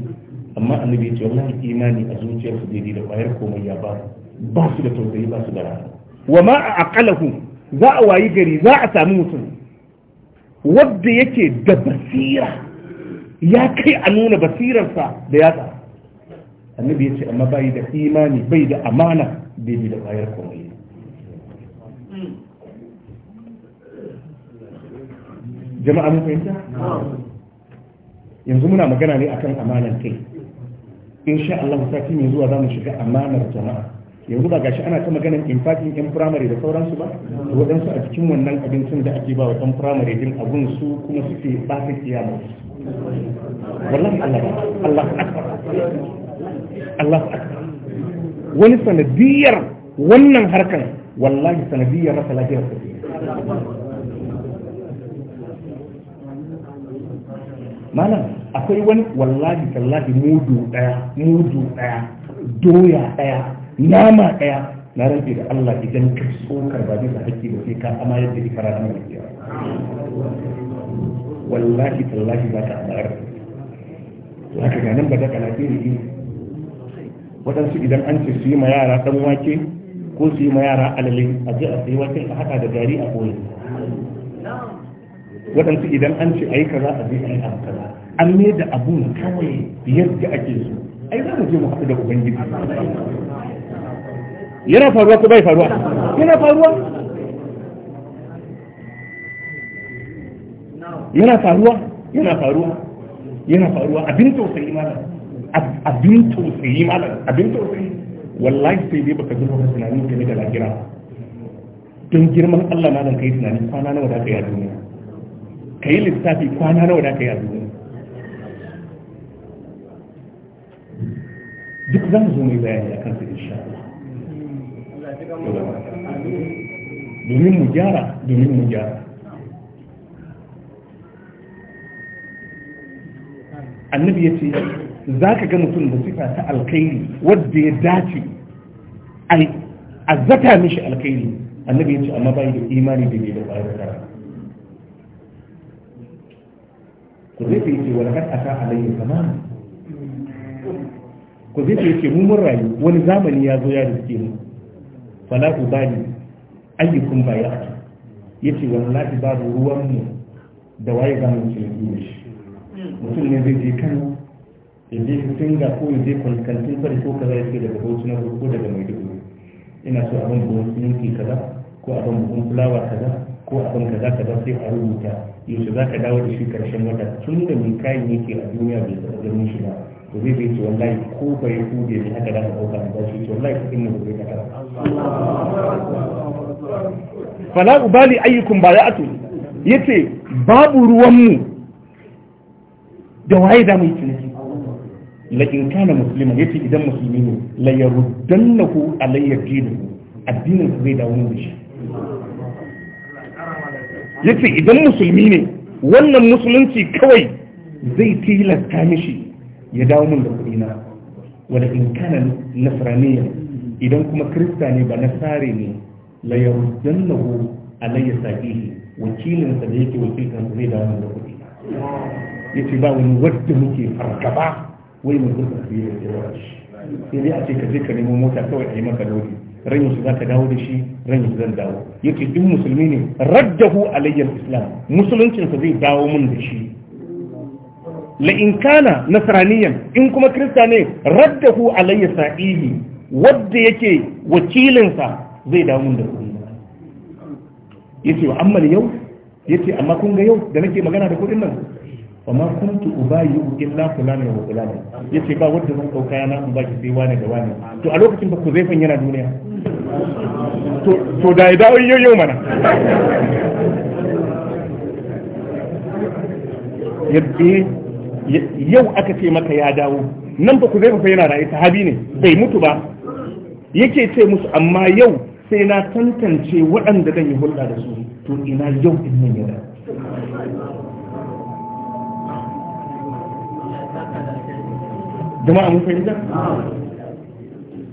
Speaker 1: amma annabi ya ce wallahi imani a zuciyarsu daidai da kwayar komai ya ba ba su da tausayi ba su da rana wa ma a aqalahu za a wayi gari za a samu mutum wadda yake da basira ya kai a nuna basirarsa da yatsa annabi ya ce amma bai da imani bai da amana daidai da kwayar komai jama'a mun fahimta yanzu muna magana ne akan amanar kai insha Allah sati mai zuwa zamu shiga amanar jama'a yanzu ba gashi ana ta maganar infakin yan firamare da sauransu ba waɗansu a cikin wannan abincin da ake ba wa dan firamare din abun su kuma suke ba su mu wallahi Allah Allah
Speaker 3: Allah wani
Speaker 1: sanadiyar wannan harkan wallahi sanadiyar rasa lafiyar
Speaker 3: sa malam
Speaker 1: akwai wani wallahi tallahi mudu daya mudu daya doya daya nama daya na rabi da Allah idan ka tsokar ba da haƙƙi ba sai ka amma yadda ka fara nan da wallahi tallahi ba ka amar haka ga nan ba da kalafi ne wadansu idan an ce su yi ma yara dan wake ko su yi ma yara alale a je a sayi wake a haka da gari a koyi waɗansu idan an ce ayi kaza a je a yi kaza an mai da abun kawai yadda ake so ai za mu je mu haɗu da ubangiji yana faruwa ko bai faruwa yana faruwa yana faruwa yana faruwa yana faruwa abin tausayi malam abin tausayi malam abin tausayi wallahi sai dai baka zuwa tunanin game da lahira don girman Allah malam kai tunanin kwana nawa da ka yi a duniya ka yi lissafi kwana nawa da ya zuwa duk za mu zo mai bayani a kansu insha domin mu gyara domin mu gyara annabi ya ce za ka ga mutum da sifa ta alkhairi wadda ya dace a zata mishi alkhairi annabi ya ce amma bai da imani da mai da ƙwarar zai kuzaifa wani kan laqad ata alayya zaman kuzaifa ce mu mun rayu wani zamani ya zo ya riske mu fala ubali ayyukun ba ya ce wani wallahi babu ruwan mu da waye za mu shi mutum ne zai je Kano ya je Singa ko ya je Kantin Fari ko kaza ya ce daga Bauchi na ko daga mai dubu.
Speaker 3: ina so abin buhun siminti kaza ko abin buhun fulawa kaza ko abin kaza kaza sai a rubuta
Speaker 1: yaushe za ka dawo da shi karshen wata tun da mai kayan yake a duniya bai taɓa ganin shi ba to zai bai ce wallahi ko bai kuɗe ne haka za ka ɗauka a bashi ce wallahi kuɗin nan bai taɓa fala ubali ayyukum Ya ce, babu ruwanmu da waye da mai ciniki la kana kana ya ce idan musulmi ne la yaruddannahu alayya dinu addinin ku zai dawo mun da shi
Speaker 3: Ya ce idan musulmi ne
Speaker 1: wannan musulunci kawai zai tilasta mishi ya dawo mun da kuɗi na wala in kana nasraniya idan kuma krista ne ba nasare ne la yarjannahu alayya saqihi wakilin sa da yake wakilin zai dawo mun da kuɗi ce ba wani wadda muke fargaba wai mun kusa fiye da yawa sai dai a ce ka je ka nemo mota kawai a yi maka lodi ran su za ka dawo da shi ran yanzu zan dawo yake duk musulmi ne raddahu alayyar islam musuluncinsa zai dawo mun da shi la in kana nasraniyan in kuma krista ne raddahu alayya sa'ili wadda yake wakilinsa zai dawo mun da kuɗi yace wa amma yau yace amma kun ga yau da nake magana da kudin nan wa ma kuntu ubayi illa fulana wa fulana yace ba wanda zan dauka yana in baki sai wani da wani to a lokacin ba ku zai yana duniya to to da ya dawo yau mana yadda yau aka ce maka ya dawo nan ba ku zai fa yana rayu sahabi ne bai mutu ba yake ce musu amma yau sai na tantance waɗanda zan yi hulɗa da su to ina yau in nan ya jama'a mun fahimta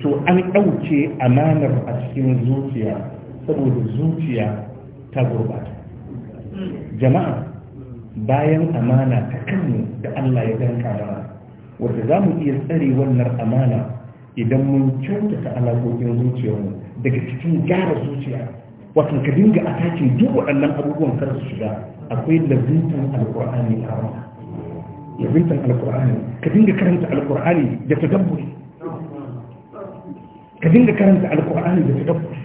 Speaker 1: to an ɗauke amanar a cikin zuciya saboda zuciya ta gurbata jama'a bayan amana ta kanmu da Allah ya danka mana wanda za mu iya tsare wannan amana idan mun ta alaƙoƙin zuciyarmu daga cikin gyara zuciya wato ka dinga a duk waɗannan abubuwan kar su shiga akwai lazimtan alƙur'ani a على القرآن كدين كرنت على القرآن يتدبر كدين كرنت على القرآن يتدبر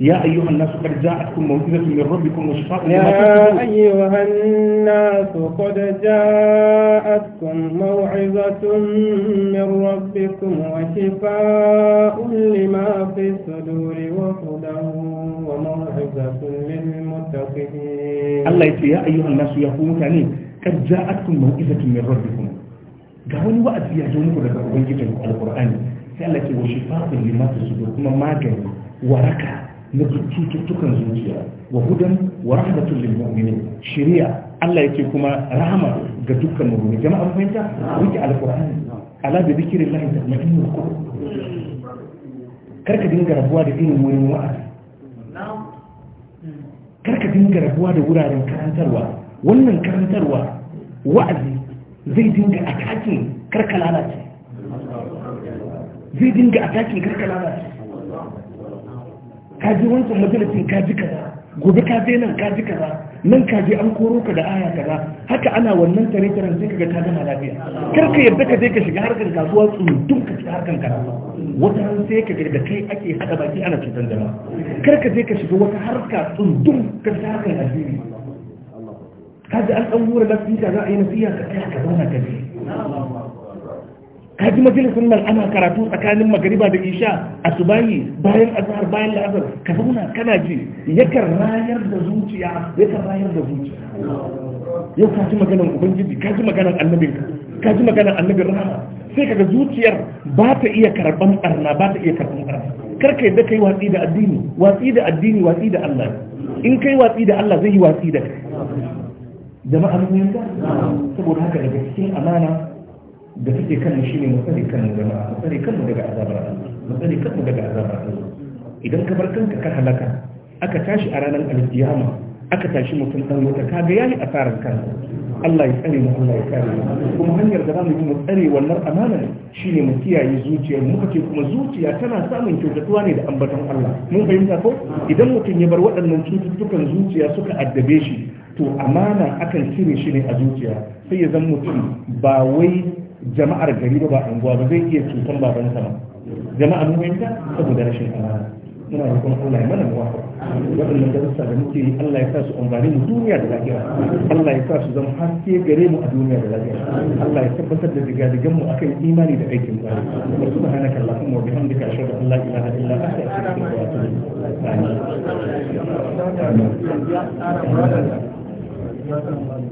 Speaker 1: يا أيها الناس قد جاءتكم موعظة من ربكم وشفاء يا
Speaker 2: أيها الناس قد جاءتكم موعظة من ربكم وشفاء لما في الصدور وهدى وموعظة للمتقين الله يا أيها
Speaker 1: الناس يقول يعني kad ja'atkum mau'izatun min rabbikum
Speaker 2: ga wani wa'azi ya
Speaker 1: zo muku daga ubangijin alqur'ani sai Allah ke wa shifa'un lima tasdur kuma magani waraka na cututtukan zuciya wa hudan wa rahmatul lil mu'minin shari'a Allah yake kuma rahama ga dukkan mu'mini jama'a mun fahimta wuce alqur'ani ala bi dhikrillahi tatma'innul qulub karka dinga rabuwa da irin wurin wa'azi karka dinga rabuwa da wuraren karantarwa wannan karantarwa wa'azi zai dinga atakin karka lalace
Speaker 3: zai dinga a takin karka
Speaker 1: lalace kaji wancan majalisin kaji kaza gobe ka je nan kaji kaza nan kaji an koro ka da aya kaza haka ana wannan tare tare sai kaga ta gama lafiya karka yadda ka je ka shiga harkar kasuwa tsuntun ka shiga harkar kasuwa wata ran sai ka da kai ake hada baki ana cutar jama'a karka je ka shiga wata harka tsundum ka shiga harkar addini kaji an ɗan hura lafika za a yi nasiha ka tsaya ka zauna ka ji kaji majalisun nan ana karatu tsakanin magariba da isha a subayi bayan azhar bayan la'asar ka zauna kana ji yakan rayar da zuciya yakan rayar da zuciya yau kaji maganar ubangiji ka ji maganar annabinka kaji maganar annabin rahama sai kaga zuciyar ba ta iya karban barna ba ta iya karɓan barna kar ka yadda kai watsi da addini watsi da addini watsi da Allah in kai watsi da Allah zai yi watsi da kai jama'a mun yanka saboda haka daga cikin amana da take kan shi ne mutsari kanmu jama'a mutsari kanmu daga azabar Allah mutsari kanmu daga azabar Allah idan ka bar kanka ka halaka aka tashi a ranar alkiyama aka tashi mutum ɗan wuta kaga yayi asarar kansa Allah ya tsare mu Allah ya kare mu kuma hanyar da zamu yi mu tsare wannan amana shine mu kiyaye zuciyar mu kace kuma zuciya tana samun kyautatuwa ne da ambaton Allah mun fahimta ko idan mutum ya bar waɗannan cututtukan zuciya suka addabe shi to amana akan cire shi ne a zuciya sai ya zama mutum ba wai jama'ar gari ba anguwa ba zai iya cutan babansa ba jama'a mun fahimta saboda rashin amana muna kuma Allah ya mana muwafaqa waɗannan darussa da muke yi Allah ya kasu su amfani mu duniya da lafiya Allah ya kasu su zama haske gare mu a duniya da lafiya Allah ya tabbatar da digadigan mu akan imani da aikin ba wa subhanaka allahumma wa bihamdika ashhadu an la ilaha illa anta astaghfiruka wa atubu ilaik
Speaker 3: amin